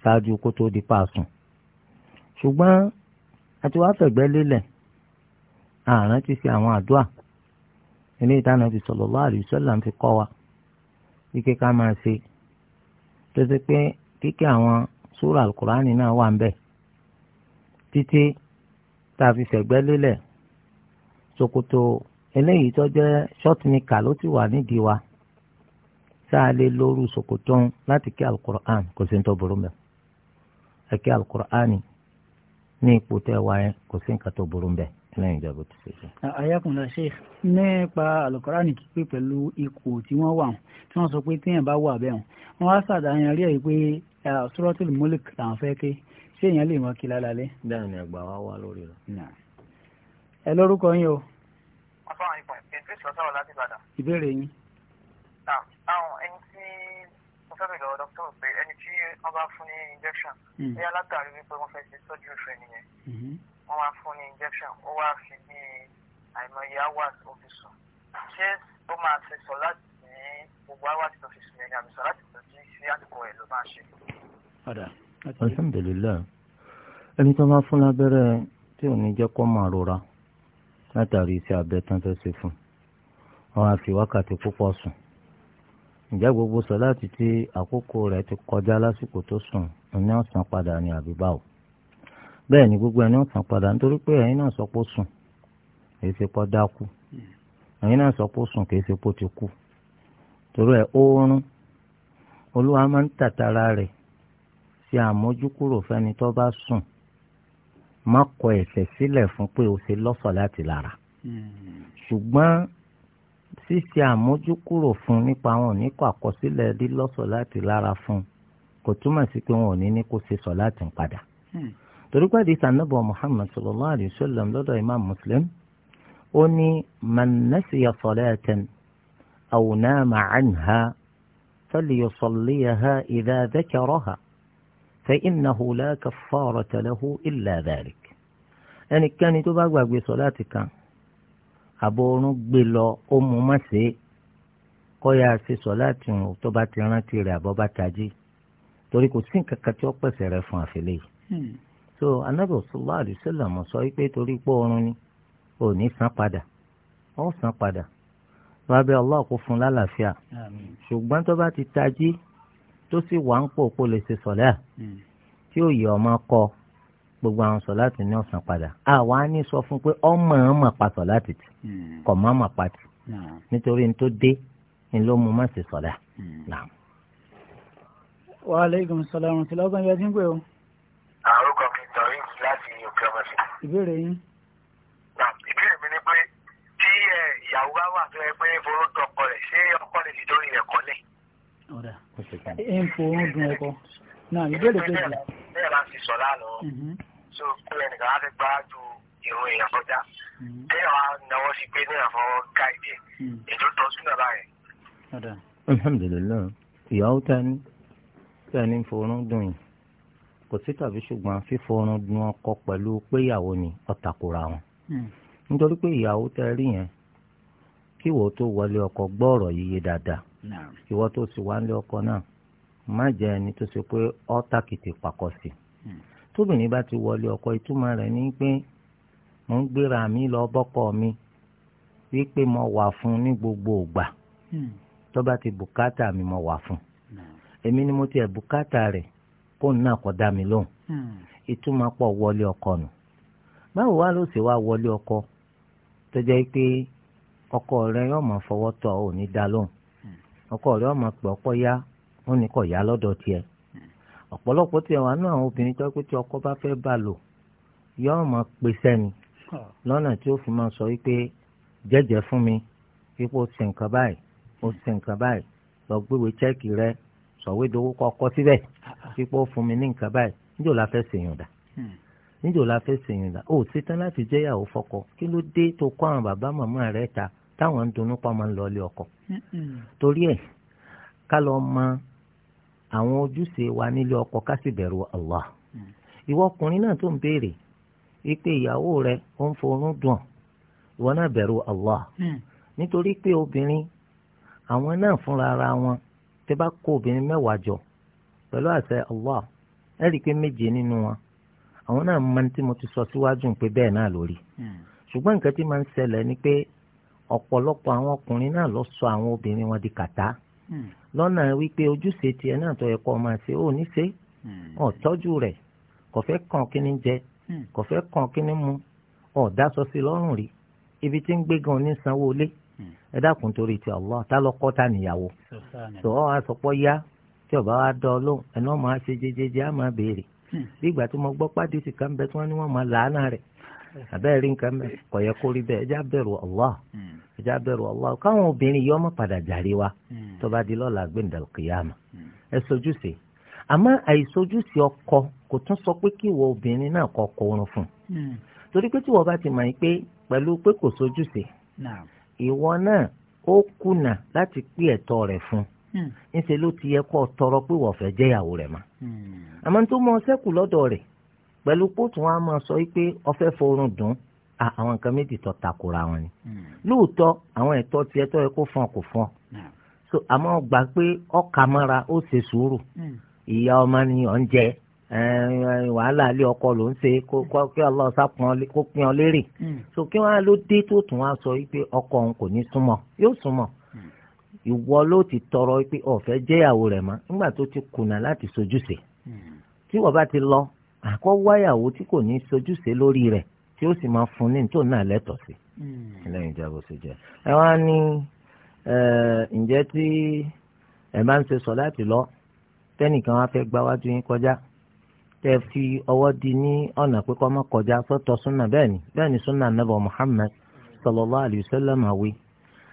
ṣáájú kó tó di paasùn ṣùgbọ́n a ti fẹ̀gbẹ́ lélẹ̀ àárín ti ṣe àwọn àdúrà ilé ìdáná ti sallallahu alayhi wa sallam kọ́ wa wípé ká máa ṣe tó ṣe pé kíkẹ́ àwọn súrà alukurani náà wà ń bẹ̀ títí tá a fi fẹ̀gbẹ́ lélẹ̀ ṣòkòtò eléyìí tó jẹ́ ṣọ́tìníkà ló ti wà nídìí wa tá a lè lóru ṣòkòtò láti kí alukur'an kò sí ní tó burú mbẹ ẹ kí alukur'an ní ipò tẹ wáyé kò sí nǹkan tó burú mbẹ lẹ́yìn ìjọba tó ṣe jẹ́. ayakunla sheikh nípa alukorani kíkẹ́ pẹ̀lú ipò tí wọ́n wà tí wọ́n sọ pé téèyàn bá wà bẹ́ẹ̀ wọ́n á sàdáyàn rí ẹ̀ pé suratul mulk làwọn fẹ́ ké ṣé èèyàn lè mọ kí lálálẹ́. bẹ́ẹ̀ ni ẹgbà wa wà lórí rẹ̀. ẹ lórúkọ yín o. ìbéèrè yín. ẹni tí mo fẹ́ mi lọ́wọ́ dókítà pé ẹni tí wọ́n bá fún ní injection hmm. bí alátàrí wípé wọ́n fẹ́ ṣe sọ́jú ìfẹ́ nìyẹn wọ́n wá fún ní injection ó wá fi bí àìmọye hours ó fi sùn ṣé ó máa ṣe sọ láti ní gbogbo hours tó fi sùn ẹ̀yà àbísọ̀ láti tó sí sí àtìkọ ẹ̀ ló máa ṣe. alhamdulilayi ẹni tó máa fún lábẹ́rẹ́ tí ò ní jẹ́ kó máa rora látàrí iṣẹ́ abẹ tán fẹ́ ṣe fún wọn á fi wákàtí púpọ̀ sùn ǹjẹ́ gbogbo sọ láti tí àkókò rẹ̀ ti kọjá lásìkò tó sùn ní ọ̀sán padà ní àbíbáwò bẹ́ẹ̀ ni gbogbo ẹni ó san padà nítorí pé ẹ̀yin náà sọpọ̀ sùn kì í ṣe pọ̀ dákú ẹ̀yin náà sọpọ̀ sùn kì í ṣe pọ̀ ti kú torí ẹ̀ oorun olúwa máa ń tàtàrà rẹ̀ ṣe àmójúkúrò fẹ́ni tó bá sùn má kọ ẹ̀ṣẹ̀ sílẹ̀ fún pé o ṣe lọ́sọ̀ láti lára ṣùgbọ́n ṣíṣe àmójúkúrò fún nípa wọn ní kọ àkọsílẹ̀ lílọ́sọ̀ láti lára fún kò túmọ̀ sí pé wọn ò ní ní kó ṣe sọ̀ láti padà torí pé àdìsá nàbọ̀ Muhammad sallallahu alayhi wa sallam lọ́dọ̀ imam Muslim ó ní man nasiya salatan aw nama anha falyusalliyaha idha dhakaraha fa innahu la kaffarata lahu illa dhalik ẹnikẹ́ni tó bá gbàgbé sọláàtì kan àbọ̀rún gbé lọ ó mú má ṣe é kọ́yà ṣe sọláàtì hàn tó bá ti rántí rẹ̀ àbọ̀ bá tají torí kò sí nǹkan kan tí ó pèsè rẹ̀ fún àfẹ́lẹ́ so anabi sallallahu alaihi wasallam sọ wípé torí pé oorun ni ò ní san padà ó san padà wàá bẹ Allah kó fún lálàáfíà ṣùgbọ́n tó bá ti tají tó sì wà ń pò kó lè ṣe sọ̀lẹ́ à hmm. tí ò yẹ ọmọ kọ gbogbo àwọn sọ láti ní ọ̀sán padà àwa ní sọ fún pé ọmọ ọmọ pàtó láti tì kọ̀ mọ́ ọmọ pàtó nítorí ní tó dé ni ló mú má ṣe sọ̀lẹ́ à. Hmm. wa aleykum salaam tí lọ́gbọ̀n yẹn ti ń pè ọ́. ìbéèrè yín. ìbéèrè mi ni pé tí ìyàwó bá wà tó yẹ pé forún dun ọkọ rẹ̀ ṣé ọkọ lè fi dórí rẹ̀ kọ́lẹ̀. ọ̀dà ẹ̀ ń forún dun ọkọ náà ìbéèrè kejì. bẹ́ẹ̀ bá fi sọ̀rọ̀ àná so kó ẹnìkan á fi gbá ju ìrún èèyàn kọjá bẹ́ẹ̀ mm-hmm. wá náwó sí pé náà fọwọ́ gáìdì mm. ètò tọ́ sínú ọ̀la yẹn. alhamdulilayi ìyàwó ta ni ta ni forún dun yìí kò sí tàbí ṣùgbọ́n fífọrun dun ọkọ pẹ̀lú péyàwó ni ọ̀tàkùrà wọn. Hmm. nítorí pé ìyàwó tẹ rí yẹn kí ìwọ tó wọlé ọkọ gbọ́ ọ̀rọ̀ yíyé dáadáa ìwọ tó sì wá nílé ọkọ náà má jẹ́ ẹni tó ṣe pé pàkọ́ sí. Hmm. tóbìnrin bá ti wọlé ọkọ ìtumọ̀ rẹ̀ ní pé mo ń gbéra mi lọ bọ́kọ mi mo wà fún ní gbogbo ògbà hmm. tó bá ti bùkátà mi mo wà fún fóònù náà kò dá mi lóhùn hmm. ìtumọ̀ pọ̀ wọlé ọkọ nù báwo wá ló ṣe wá wọlé ọkọ tó jẹ́ pé ọkọ rẹ yóò máa fọwọ́ tọ ọ́ ní dá lóhùn hmm. ọkọ rẹ yóò máa pè ọkọ ya ó ní kò yá lọ́dọ̀ tiẹ̀ hmm. ọ̀pọ̀lọpọ̀ tiẹ̀ wà náà àwọn obìnrin tó pé tí ọkọ bá fẹ́ bá lò yóò máa pè sẹ́ni lọ́nà tí ó fi máa sọ wípé jẹ́jẹ́ fún mi pípò ṣe nǹkan báyìí ó ṣe nǹkan báyìí lọ gbéwèé chẹ́ẹ̀kì rẹ sọ̀wédowó kọ́kọ́ síbẹ̀. pípọ́ fún mi ní nǹkan báyìí níjọ́ la fẹ́ ṣèyàn dà níjọ́ la fẹ́ ṣèyàn dà ó ṣetán láti jẹ́ ìyàwó kí ta táwọn ń dunnú pa máa ń lọlé ọkọ hmm. torí ẹ̀ ká lọ mọ àwọn wa nílé ọkọ ká sì bẹ̀rù Allah hmm. ìwọ ọkùnrin náà tó ń béèrè ìyàwó rẹ ó ń forún dùn ìwọ náà bẹ̀rù Allah hmm. nítorí pé obìnrin àwọn náà fúnra ara wọn tẹ bá kó obìnrin mẹ́wàá pẹ̀lú àṣẹ Allah ẹ rí i pé méje nínú wọn àwọn náà máa ń tí mo ti sọ síwájú pé bẹ́ẹ̀ náà lórí hmm. ṣùgbọ́n nǹkan tí máa ń ṣẹlẹ̀ ni pé ọ̀pọ̀lọpọ̀ àwọn ọkùnrin náà lọ sọ àwọn obìnrin wọn di kàtá hmm. lọ́nà wípé ojúṣe tiẹ̀ náà tó yẹ kó o máa ṣe ó ní ṣe ọ̀ hmm. tọ́jú rẹ̀ kò fẹ́ kàn kí ni jẹ kò fẹ́ kàn kí ni mu ọ̀ dáṣọ sí lọ́rùn rí ibi tí ń gbé gan ní sanwó-olé ẹ dákun torí ti Allah tá lọ́kọ́ tá níyàwó sọ ọ́ àsọpọ̀ yá tí ọba wa dọ lóhùn ẹ wọn máa ṣe jẹjẹjẹ á máa béèrè hmm. bí ìgbà tí mo gbọ́ pàdé ti kàn bẹ́ẹ̀ tí wọ́n ní wọ́n máa làánà rẹ̀ hmm. àbẹ́ẹ̀ rí nǹkan bẹ́ẹ̀ kò yẹ kó rí ẹjá bẹ̀rù hmm. ẹjá bẹ̀rù káwọn obìnrin yìí ọmọ padà jàre wa tó bá di lọ́la gbẹ̀ndàlùkìyàmà ẹ sojúṣe àmọ́ àìsojúṣe ọkọ kò tún sọ pé kí ìwọ obìnrin náà fún torí pé tí bá ti mọ̀ pé pẹ̀lú pé Hmm. ńṣe ló ti yẹ kó tọrọ pé wọ́n fẹ́ jẹ́yàwó rẹ̀ mọ́ hmm. àmọ́ tó mọ sẹ́kù lọ́dọ̀ rẹ̀ pẹ̀lú kóòtù wọn a máa sọ pé ọfẹ́ forun dùn àwọn nǹkan méjì tó takora wọn ni hmm. lóòótọ́ àwọn ẹ̀tọ́ tiẹ̀ tó yẹ kó fún ọ kò fún ọ so àmọ́ gbà pé ọkà mọ́ra ó ṣe sùúrù ìyá ọmọ ni ọ̀ ń jẹ wàhálà ilé ọkọ ló ń ṣe kí Allah sápọn kó pín ọ lérè so kí wọn á ló dé tó tún wá sọ wípé ọkọ òun kò ní súnmọ́ yóò súnmọ́ ìwọ ló ti tọrọ pé ọ̀fẹ́ jẹ́yàwó rẹ̀ mọ́ nígbà tó ti kùnà láti sojúṣe tí wọ́n bá ti lọ àkọ́ wáyàwó tí kò ní sojúṣe lórí rẹ̀ tí ó sì máa fún ní tó náà lẹ́tọ̀ọ́ sí hmm. lẹ́yìn ìjábọ̀ sí jẹ́ ẹ wá ní ǹjẹ́ tí ẹ bá ń ṣe sọ láti lọ tẹ́nìkan wá fẹ́ gba wájú yín kọjá tẹ́ fi ọwọ́ di ní ọ̀nà pé kó má kọjá sọ́tọ̀ súnà bẹ́ẹ̀ ni bẹ́ẹ̀ ni súnà nàbọ̀ Muhammad sallallahu alayhi wa sallam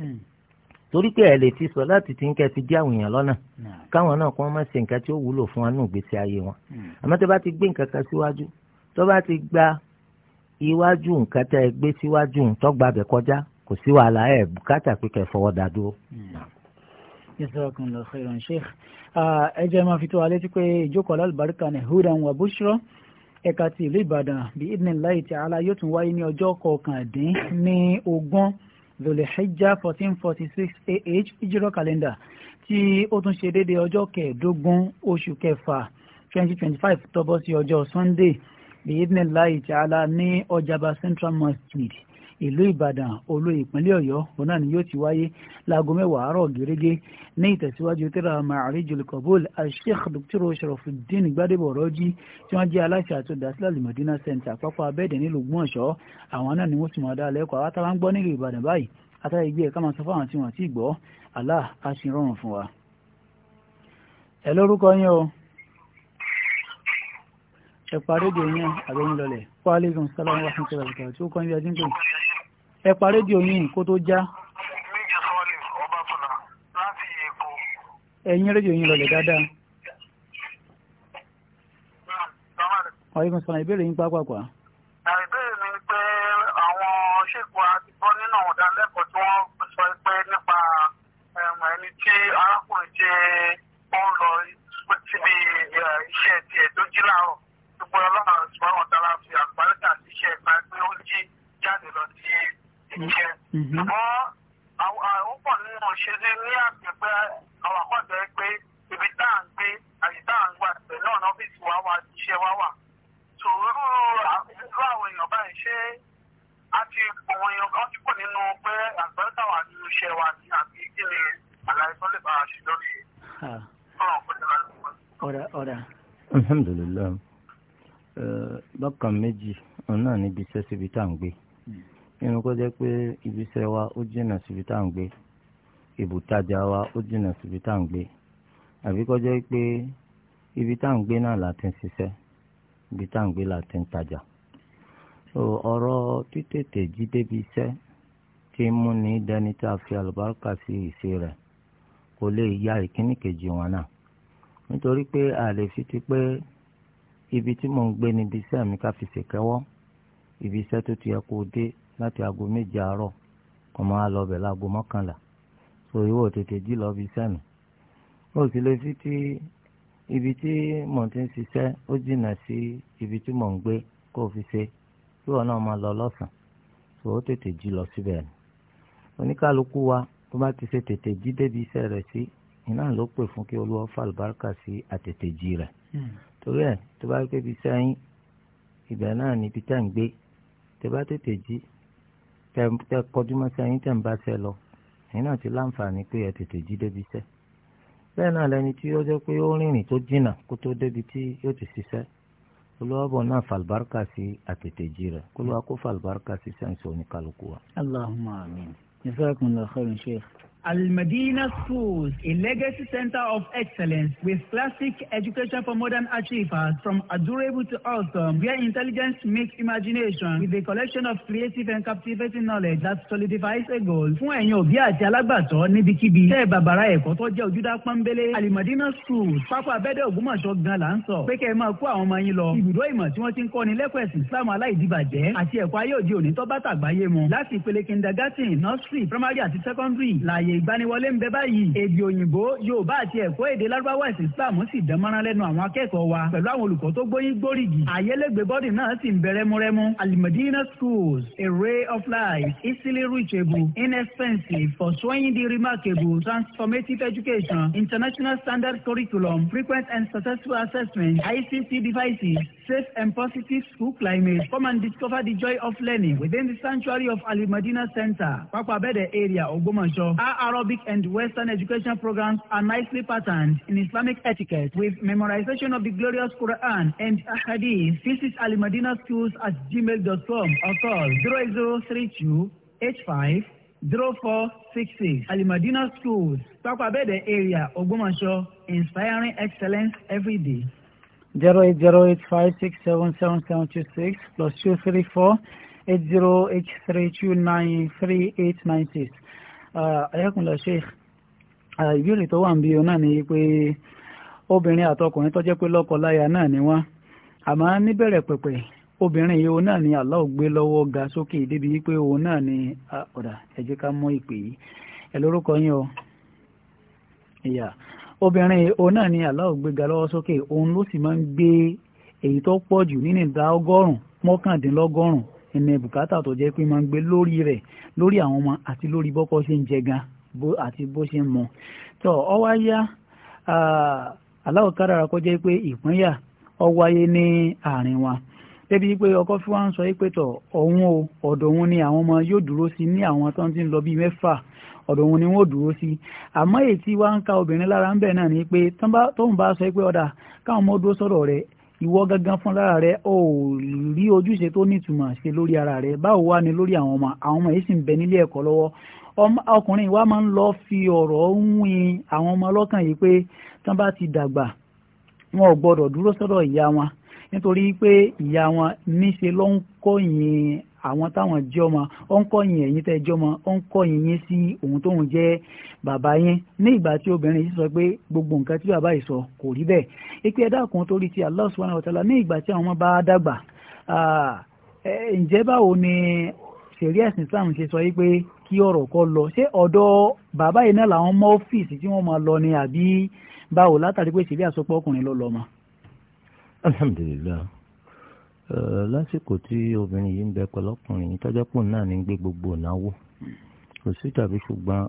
Hmm. torí pé ẹ lè fi sọ láti tí ń kẹ́ fi dí àwọn èèyàn lọ́nà káwọn náà kó wọn má ṣe nǹkan tí ó wúlò fún wọn nù gbèsè ayé wọn hmm. àmọ́ tó bá ti gbé nǹkan kan síwájú tó bá ti gba iwájú nǹkan tẹ́ ẹ gbé síwájú tó gba bẹ̀ kọjá kò sí wàhálà ẹ̀ bùkátà pé fọwọ́ dá dúró. Hmm. jazakumullahu khairan sheikh ẹ jẹ́ máa fi tó wa létí pé ìjókòó alábàárìkà ní hudan wa bushra ẹ̀ka ti ìlú ìbàdàn bí idnillahi ta'ala yóò tún wáyé ní zolihijjah fourteen forty six AH ijiro kàlẹ́ndà tí ó tún ṣe déédéé ọjọ́ kẹẹ̀ẹ́dógún oṣù kẹfà twenty twenty five tó bọ́ sí sunday bíyìnbí láì ni a ọjàba central mosque ìlú ìbàdàn olú ìpínlẹ̀ ọ̀yọ́ òun náà ni yóò ti wáyé láago mẹ́wàá àárọ̀ gẹ́gẹ́ ní ìtẹ̀síwájú tíra ma'arijul qabul al-sheikh dr sharafuddin gbadebo ọ̀rọ̀jì tí wọ́n jẹ́ aláṣẹ àti olùdásílẹ̀ alimọ̀dínà center àpapọ̀ abẹ́ẹ̀dẹ̀ nílùú gbọ́nsọ̀ àwọn náà ni wọ́n ti mọ̀ dáa lẹ́kọ̀ọ́ àwọn táwọn ń gbọ́ nílùú ìbàdàn báyìí àtàgbé ẹ̀ka máa sọ fáwọn tí Allah á sì rọrùn fún wa. ẹ lórúkọ yín o ẹ parí dè yín àbẹ̀yìn lọlẹ̀ wàhálà ìgbọ̀nsálàmù tí ó kọ́ ń bí ajíngbìn ẹ pa rédíò yín kó tó já. méjì sọ́ọ̀lì ọbátúnà láti èkó. ẹ̀yin rédíò yín lọlẹ̀ dáadáa. ọ̀yẹ́kùn sọ̀rọ̀ ìbéèrè yín pápákọ̀. ìbéèrè mi pé àwọn ṣèkùn àti bọ́ nínú àwọn ìdánilẹ́kọ̀ọ́ tí wọ́n sọ pé nípa ẹni tí arákùnrin tí ó ń lọ síbi iṣẹ́ tiẹ̀ tó jí láàárọ̀ gbogbo ọlọ́run ṣùgbọ́n jẹ. Mm-hmm. ṣùgbọ́n ó pọ̀ nínú ìṣeré ní àgbẹ̀pẹ́ àwọn àkọ́jọ́ pé ibi tá à ń gbé àyè tá à ń wà pẹ̀lú ọ̀nà ọ́fíìsì wa wà iṣẹ́ wa wà. sòrúrú irú àwọn èèyàn báyìí ṣé a ti àwọn èèyàn kan ti kù nínú pé àgbẹ̀rẹ́ta wà nínú iṣẹ́ wa ní àbí kí ni àlàyé tó lè bá a ṣe lórí ọ̀rọ̀ ọ̀rọ̀. alhamdulilayi bákan eh, méjì ọ̀nà níbi iṣẹ́ síbi tá à ń gbé. Mm irun kó jẹ́ pé ibi wa ó jìnnà síbi tá à ń gbé ibùtajà wa ó jìnnà síbi tá à ń gbé àbí kó jẹ́ pé ibi tá à ń gbé náà là ti ń ṣiṣẹ́ ibi tá à ń gbé là ti ń tajà ọ̀rọ̀ títètè jí débi iṣẹ́ tí múni dẹni tá a fi àlùbáríkà sí ìṣe rẹ̀ kò lè ya ìkíní kejì wọn náà nítorí pé a fi ti pé ibi tí mò ń gbé níbi iṣẹ́ mi ká fi ṣèkẹ́wọ́ ibi iṣẹ́ tó ti yẹ kó dé láti aago méje àárọ̀ ọmọ alọ́bẹ̀ láago mọ́kànlá so ìwọ tètè jí lọ fi sẹ́mi ó sì lè fi tí ibi tí mò ń ti ń ṣiṣẹ́ ó jìnnà sí ibi tí mò ń gbé kó fi ṣe kí wọn náà máa lọ lọ́sàn-án so ó tètè jí lọ síbẹ̀ ni oníkálukú wa tó bá ti ṣe tètè jí débi iṣẹ́ rẹ̀ sí iná ló pè fún kí olúwa fàlùbáríkà sí àtètè jí rẹ̀ hmm. torí ẹ̀ tó bá gbé ibi sẹ́yìn ibẹ̀ náà níbi tá à ń gbé tó bá tètè jí tẹ kọjú mọ́sẹ́ yín tẹ̀ ń bá ṣe lọ ẹ̀yin náà ti láǹfààní pé ẹ tètè jí débi iṣẹ́ bẹ́ẹ̀ náà lẹni tí ó jẹ́ pé ó rìnrìn tó jìnnà kó tó débi tí yóò ti ṣiṣẹ́ olùwàbọ̀ náà falbarka sí àtètèjì rẹ̀ kó ló kó falbarka sí sẹ́ǹsì oníkálukú wa. Allahumma amin. jazakumullahu khairan sheikh. Al Madina Schools, a legacy center of excellence with classic education for modern achievers from adorable to awesome, where intelligence meets imagination with a collection of creative and captivating knowledge that solidifies a goal. Fún ẹ̀yin òbí àti alágbàtọ́ níbikíbi, tẹ́ bàbàrà ẹ̀kọ́ tó jẹ́ ojúdá pọ́nbélé. Al Madina Schools, pápá abẹ́dẹ̀ Ògbómọ̀ṣọ́ gan la ń sọ. Pé kẹ́ ẹ máa kó àwọn ọmọ yín lọ. Ibùdó ìmọ̀ tí wọ́n ti ń kọ́ni lẹ́kọ̀ọ́ ẹ̀sìn Islam aláìdíbàjẹ́ àti ẹ̀kọ́ ayé òde òní tó bá tàgbáyé mu. Láti ìpele kindergarten, nursery, primary àti secondary láàyè ààyè ìgbaniwọlé ń bẹ báyìí èdè òyìnbó yorùbá àti ẹ̀kọ́ èdè lárúbáwá ẹ̀sìn islam sì dán lẹ́nu àwọn akẹ́kọ̀ọ́ wa pẹ̀lú àwọn olùkọ́ tó gbóyìn gbóríyìn àyẹlẹgbẹ bọ́dì náà sì ń bẹ rẹ́múrẹ́mú alimadina schools a ray of light easily reachable inexpensive for pursuing the remarkable transformative education international standard curriculum frequent and successful assessment ICT devices safe and positive school climate come and discover the joy of learning within the sanctuary of alimadina center pápá abẹ́dẹ̀ area ògbómọ̀ṣọ́ Arabic and Western education programs are nicely patterned in Islamic etiquette with memorization of the glorious Quran and Hadith. Visit Al Madina Schools at gmail.com or call 0032 85 0466. Al Schools, Pakwabede area, Ogbomoso, inspiring excellence every day. 08085677726 plus 234 8083293896. ayakunle ah, sheikh ah, ìbéèrè tó wà ń bí ọ náà ni pé obìnrin àtọkùnrin tó pé lọ́kọ náà ni wọ́n àmọ́ níbẹ̀rẹ̀ pẹ̀pẹ̀ obìnrin yìí òun ni Allah gbé lọ́wọ́ ga sókè débi ni ọ̀dà ká mọ ìpè yìí lórúkọ yín o ìyá obìnrin òun ni Allah gbé ga lọ́wọ́ sókè òun ló sì máa ń gbé èyí tó pọ̀ jù nínú ìdá ọgọ́rùn-ún mọ́kàndínlọ́gọ́rùn ẹni bùkátà tó jẹ́ pé máa ń gbé lórí rẹ̀ lórí àwọn ọmọ àti lórí bọ́kọ́ ṣe ń jẹ gan àti bó ṣe ń mọ tó ọ wá yá aláwọ̀ kádàrà kó pé ìpínyà ọ wáyé ní àárín wa débi pé ọkọ fi wá ń sọ pé tọ ọ̀hún o ọ̀dọ̀ òun ni àwọn ọmọ yóò dúró sí ní àwọn tó ń ti lọ bíi mẹ́fà ọ̀dọ̀ òun ni wọ́n dúró sí àmọ́ èyí tí wá ń ka obìnrin lára ń bẹ̀ náà ni pé tóun bá sọ pé ọ̀dà káwọn ọmọ dúró sọ̀rọ̀ rẹ̀ ìwọ gangan fún lára rẹ ò rí ojúṣe tó nítumọ̀ ṣe lórí ara rẹ báwo wá ni lórí àwọn ọmọ àwọn ọmọ yìí sì ń bẹ nílé ẹ̀kọ́ lọ́wọ́ ọkùnrin wa máa ń lọ fi ọ̀rọ̀ wín àwọn ọmọ ọlọ́kàn yìí pé tán bá ti dàgbà wọn ò gbọdọ̀ dúró sọ́dọ̀ ìyá wọn nítorí pé ìyá wọn níṣe ló ń kọ́yìn àwọn táwọn jẹ́ ọmọ ó ń kọ̀yìn ẹ̀yin tẹ́ jẹ́ ọmọ ó ń kọ̀yìn yín sí òun tóun jẹ́ bàbá yín ní ìgbà tí obìnrin yìí sọ pé gbogbo nǹkan tí bàbá yìí sọ kò rí bẹ́ẹ̀ ipe ẹ̀dá torí ti Allah subhanahu wa ta'ala ní ìgbà tí àwọn ọmọ bá dàgbà ǹjẹ́ báwo ni sẹ̀rí ẹ̀sìn Islam ṣe sọ yìí pé kí ọ̀rọ̀ kọ́ lọ ṣé ọ̀dọ̀ bàbá yìí náà làwọn mọ́ ọ́fíìsì tí wọ́n máa lọ ni àbí báwo látàrí pé sẹ̀rí àsopọ̀ ọkùnrin ló lọ mọ́. alhamdulilayi lásìkò tí obìnrin yìí ń bẹ pẹ̀lú ọkùnrin yìí tọ́jọ́ pọ̀ náà ní gbé gbogbo ìnáwó òsì tàbí ṣùgbọ́n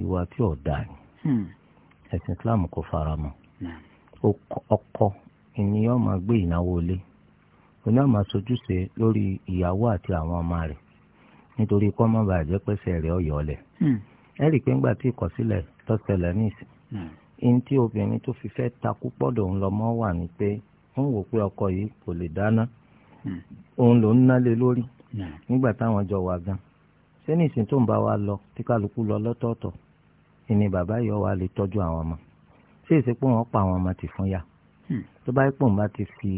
ìwà tí ò ni hmm. ẹ̀sìn Islam kò fara mọ́ ọkọ ìní máa gbé ìnáwó lé oní àmà sojúṣe lórí ìyàwó àti àwọn ọmọ rẹ̀ nítorí kọ́ má bàa jẹ́ pẹ́sẹ̀ rẹ̀ ọ̀yọ́ lẹ̀ hmm. ẹ rí i pé ńgbà tí ìkọ̀sílẹ̀ tó ṣẹlẹ̀ ní ìsìn hmm. ní tí obìnrin tó fi fẹ́ takú pọ́dọ̀ ńlọmọ́ wà ní pé wọ́n wò pé ọkọ yìí kò lè dáná hmm. òun ló ń nálé lórí hmm. nígbà táwọn jọ wà gan ṣé ní ìsìn tó ń bá wa lọ tí kálukú lọ lọ́tọ̀ọ̀tọ̀ ìní bàbá yìí wà lè tọ́jú àwọn ọmọ ṣé ìsìnkú wọn pa àwọn ọmọ tì fún ya hmm. tó bá pò ń bá ti fi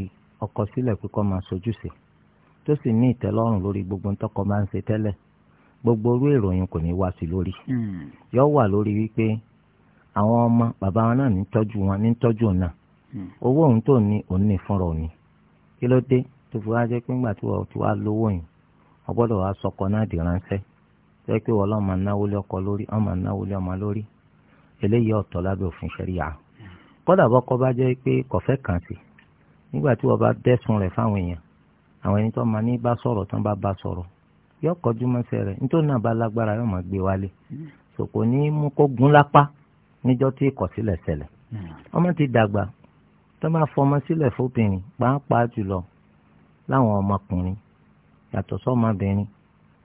ọkọ sílẹ̀ pé kọ́ máa sojúṣe tó sì ní ìtẹ́lọ́rùn lórí gbogbo ntọ́kọ máa ń ṣe tẹ́lẹ̀ gbogbo orú ìròyìn kò ní wá sí lórí yọ wà lórí wípé àwọn ọmọ bàbá wọn náà ní tọ́jú wọn ní tọ́jú náà owó òun tó ní òun ní fúnra òní kí ló dé tó fi wá jẹ́ pé ńgbà tí wọ́n ti wá lówó yìí wọ́n gbọ́dọ̀ wá sọkọ náà di ránṣẹ́ jẹ́ pé wọ́n lọ́ọ́ máa náwó lé ọkọ lórí wọ́n máa náwó lé ọmọ lórí eléyìí ọ̀tọ̀ lábẹ́ òfin ṣẹ̀ríyà kọ́dà bọ́kọ́ bá jẹ́ pé kọ̀fẹ́ kàn sí nígbà tí wọ́n bá dẹ́sùn rẹ̀ fáwọn èèyàn àwọn ẹni tó máa ní bá sọ̀rọ̀ tó bá bá sọ̀rọ̀ yóò kọjú mọ́sẹ̀ rẹ̀ nítorí náà bá lágbára yóò máa gbé wálé sòkò ní mú kó gún lápá níjọ́ tí ìkọ̀sílẹ̀ ṣẹlẹ̀ hmm. ọmọ ti dàgbà tó bá fọmọ sílẹ̀ fóbìnrin pàápàá jùlọ láwọn ọmọkùnrin yàtọ̀ sọ́mọbìnrin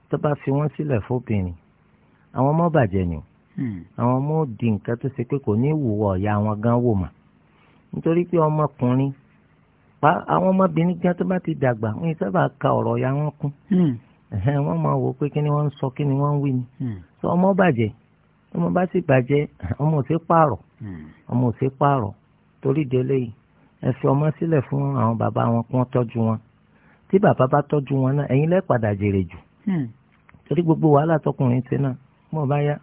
tó bá fi wọ́n sílẹ̀ fóbìnrin àwọn ọmọ bàjẹ́ ni hmm. àwọn ọmọ ò di nǹkan tó ṣe pé kò ní ìwúwọ̀ ọ̀yà àwọn gan wò mà nítorí pé ọmọkùnrin pa àwọn ọmọbìnrin gan tó bá ti dàgbà wọn sábà ka ọ̀rọ̀ ya wọn kún hmm. wọ́n máa wò pé kí ni wọ́n ń sọ kí ni wọ́n ń wí ni hmm. sọ ọmọ bàjẹ́ ọmọ bá sì bàjẹ́ ọmọ ò sí pààrọ̀ ọmọ ò sí pààrọ̀ torí délé yìí ẹ fi ọmọ sílẹ̀ fún àwọn bàbá wọn kí wọ́n tọ́jú wọn tí bàbá bá tọ́jú wọn náà ẹ̀yin lẹ́ padà jèrè jù hmm. torí gbogbo wàhálà tọkùnrin ṣe náà mo bá yá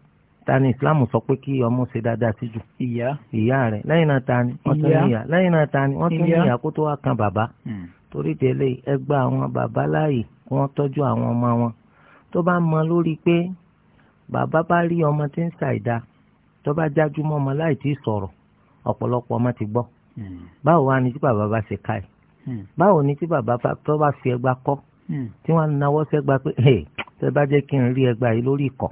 ta ni islam sọ pé kí ọmọ ṣe dáadáa sí jù ìyá ìyá rẹ̀ lẹ́yìn náà ta ni wọ́n tún ní ìyá lẹ́yìn náà ta ni wọ́n tún ní ìyá kó tó wá kan bàbá hmm. torí délé ẹ gba àwọn bàbá láàyè kí wọ́n tọ́jú àwọn ọmọ wọn tó bá mọ lórí pé bàbá bá rí ọmọ tí ń ṣàìdá tó bá jájú mọ́ ọmọ láì tí ì sọ̀rọ̀ ọ̀pọ̀lọpọ̀ ọmọ ti gbọ́ Hmm. báwo wá ni tí bàbá bá ṣe káì hmm. báwo ni tí bàbá tó bá fi ẹgbà kọ́ hmm. tí wọ́n náwó sẹ́gbà pé ṣe bá jẹ́ kí n rí ẹgbà yìí lórí ìkọ́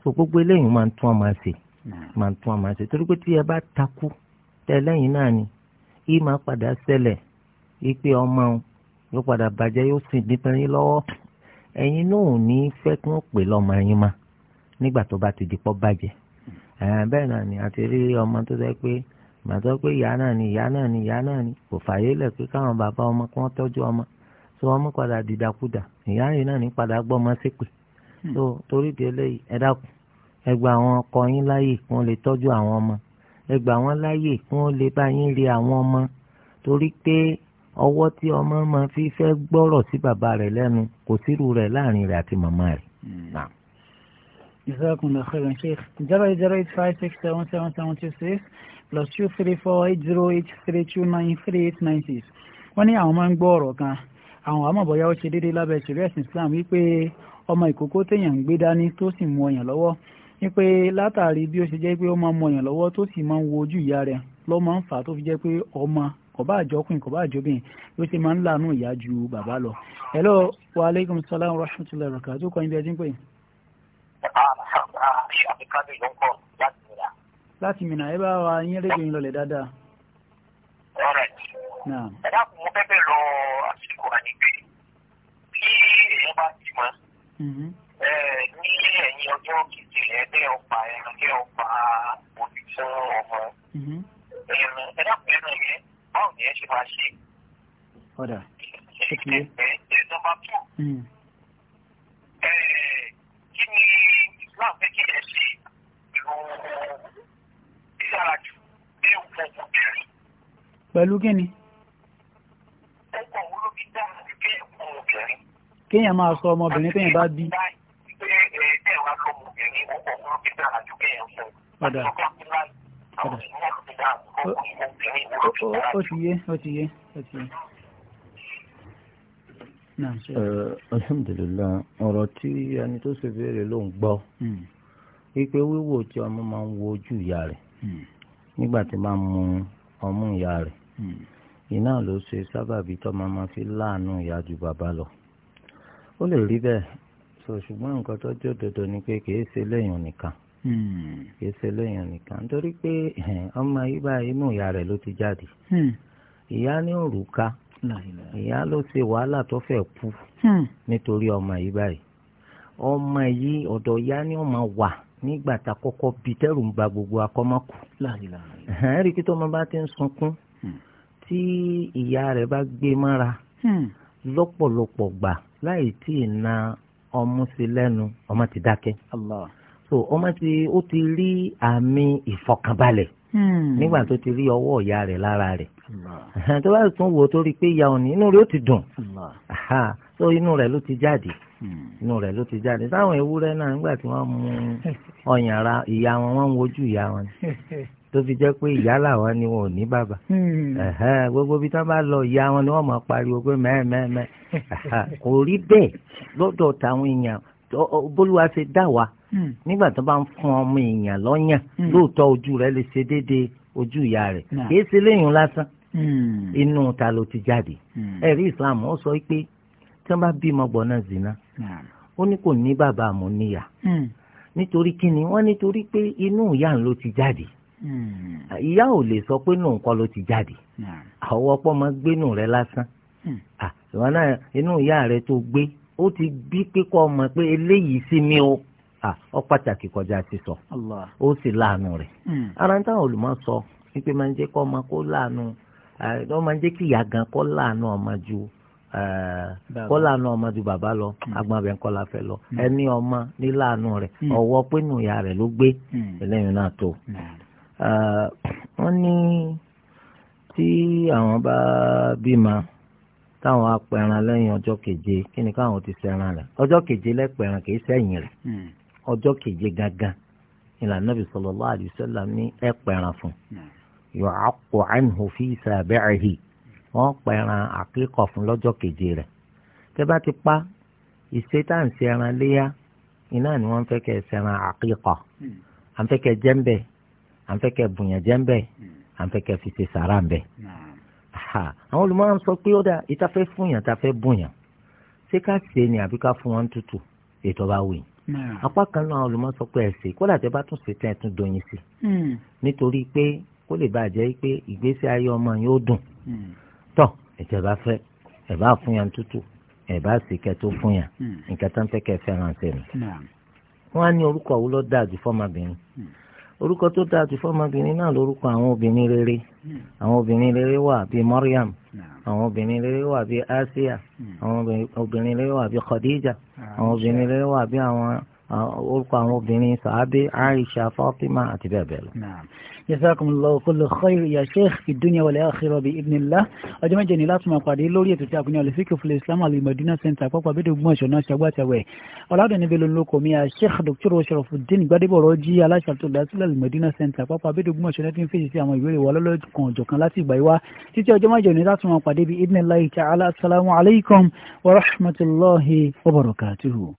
so gbogbo eléyìí máa ń tún ọmọ ṣe máa ń tún ọmọ ṣe torí pé tí ẹ bá takú tẹ lẹ́yìn náà ni yìí máa padà ṣẹlẹ̀ yìí pé ọmọ yóò padà bàjẹ́ yóò sì nípa yín lọ́wọ́ ẹ̀yin náà ò ní fẹ́ kí wọ́n pè lọ́mọ yín ma nígbà tó bá ti di pọ́ bàjẹ́ náà ni àti rí ọmọ tó sẹ́ pé gbàtọ́ pé ìyá náà ni ìyá náà ni ìyá náà ni kò fàyè lẹ̀ pé káwọn bàbá ọmọ kí wọ́n tọ́jú ọmọ tí wọ́n mú padà dìdàkudà ìyá yìí náà ní padà gbọ́ ọmọ sípè tó hmm. torí di eléyìí ẹ dákun ẹ gba àwọn ọkọ yín láàyè kí wọ́n lè tọ́jú àwọn ọmọ ẹ gba wọn láàyè kí wọ́n lè bá yín rí àwọn ọmọ torí pé ọwọ́ tí ọmọ máa fi fẹ́ gbọ́rọ̀ sí bàbá rẹ̀ lẹ́nu kò sírú rẹ̀ láàrin rẹ̀ àti màmá rẹ̀. Hmm. Jazakumullahu khairan Sheikh zero eight zero eight five six seven seven seven two six plus two three four eight zero eight three two nine three eight nine six wọ́n ní àwọn máa ń gbọ́ ọ̀rọ̀ kan àwọn àmọ́ bóyá ó ṣe déédéé lábẹ́ ṣẹ̀rí ẹ̀sìn Islam wípé ọmọ ìkókó téèyàn ń gbé dání tó sì mú ọyàn lọ́wọ́ wípé látàrí bí ó ṣe jẹ́ pé ó máa mú ọyàn lọ́wọ́ tó sì máa ń wo ojú ìyá rẹ̀ ló máa ń fà á tó fi jẹ́ pé ọmọ kò bá àjọkùn kò bá àjọbìn ló ṣe máa ń lànà ìyá ju bàbá lọ. hello wa aleykum salaam wa kọ́ láti mìíràn ẹ bá wa yín rédíò yín lọlẹ̀ dáadáa. ẹ dákun mo fẹ́ bẹ̀ lọ àsìkò àdìgbé tí èèyàn bá ti mọ́ mm-hmm. ní ẹ̀yìn ọjọ́ kìtì ẹgbẹ́ ọ̀pá ẹran jẹ́ ọ̀pá òbí fún ọmọ mm-hmm. ẹran ẹ dákun ẹran yẹn báwo ni ẹ ṣe máa ṣe. ọ̀dà ṣe kí ẹ. ẹ ẹ nọ́mbà two. Mm. kí ni Islam fẹ́ kí pẹ̀lú kíni. kéèyàn máa sọ ọmọbìnrin téèyàn bá bí. padà padà ó ti yé ó ti yé ó ti yé. alhamdulillah ọ̀rọ̀ tí ẹni tó ṣe béèrè ló ń gbọ́ hmm. wípé wíwò tí ọmọ máa ń wo ojú ìyá rẹ̀ hmm. nígbà tí máa ń mu ọmú ìyá rẹ̀ iná ló ṣe sábàbí tọ́mọ máa fi láàánú ìyá ju bàbá lọ ó lè rí bẹ́ẹ̀ sọ ṣùgbọ́n nǹkan tó jẹ́ òdodo ni pé kì í ṣe lẹ́yìn nìkan kì í ṣe lẹ́yìn nìkan nítorí pé ọmọ yìí bá inú ìyá rẹ̀ ló ti jáde hmm. ìyá ní òrùka ìyá ló ṣe wàhálà tó fẹ́ kú hmm. nítorí ọmọ yìí báyìí ọmọ yìí ọ̀dọ̀ ìyá ni ó máa wà nígbà tá a kọ́kọ́ bí tẹ́rù ń ba gbogbo akọ́mọ́kù ẹ̀ẹ́rì kí tó ọmọ bá ti ń sunkún tí ìyá rẹ̀ bá gbé mọ́ra hmm. lọ́pọ̀lọpọ̀ gbà láì tí ì na ọmú sí lẹ́nu ọmọ ti dákẹ́. so ọmọ ti ó ti rí àmì ìfọkànbalẹ̀ hmm. nígbà tó ti rí ọwọ́ ìyá rẹ̀ lára rẹ̀ tó bá tún wò ó tó rí i pé ìyá òní inú rẹ̀ ó ti dùn so inú rẹ̀ ló ti jáde hmm. inú rẹ̀ ló ti jáde táwọn ewúrẹ́ náà nígbà tí wọ́n mú ọyàn ara ìyá wọn wọ́n ń wojú ìyá wọn ni tó fi jẹ́ pé ìyá làwọn ni wọn ò ní bàbá hmm. gbogbo ibi tí wọ́n bá lọ ìyá wọn ni wọ́n máa pariwo pé mẹ́ẹ̀mẹ́ẹ̀mẹ́ kò rí bẹ́ẹ̀ lọ́dọ̀ táwọn èèyàn bólúwa ṣe dá wa hmm. nígbà tó bá ń fún ọmọ èèyàn lọ́yàn hmm. lóòótọ́ ojú rẹ̀ lè ṣe déédéé ojú ìyá rẹ̀ kìí ṣe léyìn lásán inú ta ló ti jáde ẹ̀rí Islam ó sọ pé tí wọ́n bá bímọ gbọ́nà zina ó ní kò ní bàbá àmúníyà nítorí kíni wọ́n nítorí pé inú ìyá ń ló ti jáde. Hmm. Ah, ìyá ò lè sọ pé nù nǹkan ló ti jáde àwọn ọ̀pọ̀ máa gbé nù rẹ lásán hmm. ah, ìwọ náà inú ìyá rẹ tó gbé ó ti bí kíkọ ọmọ pé eléyìí sí mi o ọ ah, pàtàkì kọjá ti sọ ó sì láàánú rẹ hmm. ara ń táwọn sọ wípé máa ń jẹ́ ko ọmọ kó láàánú ọ máa ń jẹ́ kí ìyá gan kó láàánú ọmọ ju kọ́lànà ọmọ ju bàbá lọ agbọ̀nbẹ̀ kọ́là fẹ́ lọ ẹni ọmọ níláàánú rẹ̀ ọwọ́ ìyá ló gbé náà tó. wọ́n ní tí àwọn bá bímọ táwọn apẹran lẹ́yìn ọjọ́ keje kí ni káwọn ti ṣẹran rẹ̀ ọjọ́ keje lẹ́pẹ̀ran kì í sẹ́yìn rẹ̀ hmm. ọjọ́ keje gangan ìlànà Nabi sallallahu alaihi ní ẹ̀pẹ̀ran fún hmm. yu'aqqu anhu fi sabi'ihi wọ́n pẹ̀ran àkíkọ̀ fún lọ́jọ́ keje rẹ̀ tẹ́ bá ti pa ìṣe tá à ń léyà iná ni wọ́n fẹ́ kẹ́ àkíkọ̀ hmm. à ń à ń fẹ́ kẹ́ bùnyànjẹ́ ń bẹ̀ à ń fẹ́ kẹ́ fi ṣe sàrà ń bẹ̀. àwọn olùmọ̀ràn sọ pé ó dà ìta fẹ́ fúnyàn ta fẹ́ bùnyàn ṣé ká ṣe ni àbí ká fún wọn tútù ètò ọba wò yìí. apá kan náà olùmọ̀ràn sọ pé ẹ̀sìn kódà tẹ bá tún ṣe tẹ́ ẹ tún doyin sí i hmm. nítorí pé kó lè bàjẹ́ pé ìgbésí ayé ọmọ yóò dùn hmm. tọ́ ẹ̀jẹ̀ bá fẹ́ ẹ̀ bá fúnyàn tútù ẹ̀ bá sì kẹ́ tó fúnyàn hmm. nǹkan tó fẹ́ kẹ́ fẹ́ràn sí wọ́n á ní orúkọ wo ló dáa jù orúkọ tó dáa jù fọmọbìnrin náà lórúkọ àwọn obìnrin rere àwọn obìnrin rere wà bíi Maryam àwọn obìnrin rere wà bíi Asiya hmm. àwọn obìnrin rere wà bíi Khadija ah, àwọn obìnrin rere wà bíi àwọn orúkọ àwọn obìnrin sàábé aisha fatima àti bẹ́ẹ̀ bẹ́ẹ̀ lọ. jazakumullahu kullu khair ya sheikh fi dunya wal akhirah bi idhnillah ọjọ́ méje ní láti máa pàdé lórí ètò tí a kò ní alifiki fúlẹ̀ islam alimadina center pápá bẹ́ẹ̀ dùgbọ́n ṣọ̀ náà ṣàgbà tẹ̀wẹ̀ ọ̀làdùn níbi lónìí lóko mi a sheikh dr sharafuddin gbadebọ̀rọ̀ jí aláṣà tó dá sílẹ̀ alimadina center pápá bẹ́ẹ̀ dùgbọ́n ṣọ̀ náà ti ń fèsì sí àwọn ìwéèrè wa lọ́lọ́kan ọ̀jọ̀kan láti ìgbà ìwá títí ọjọ́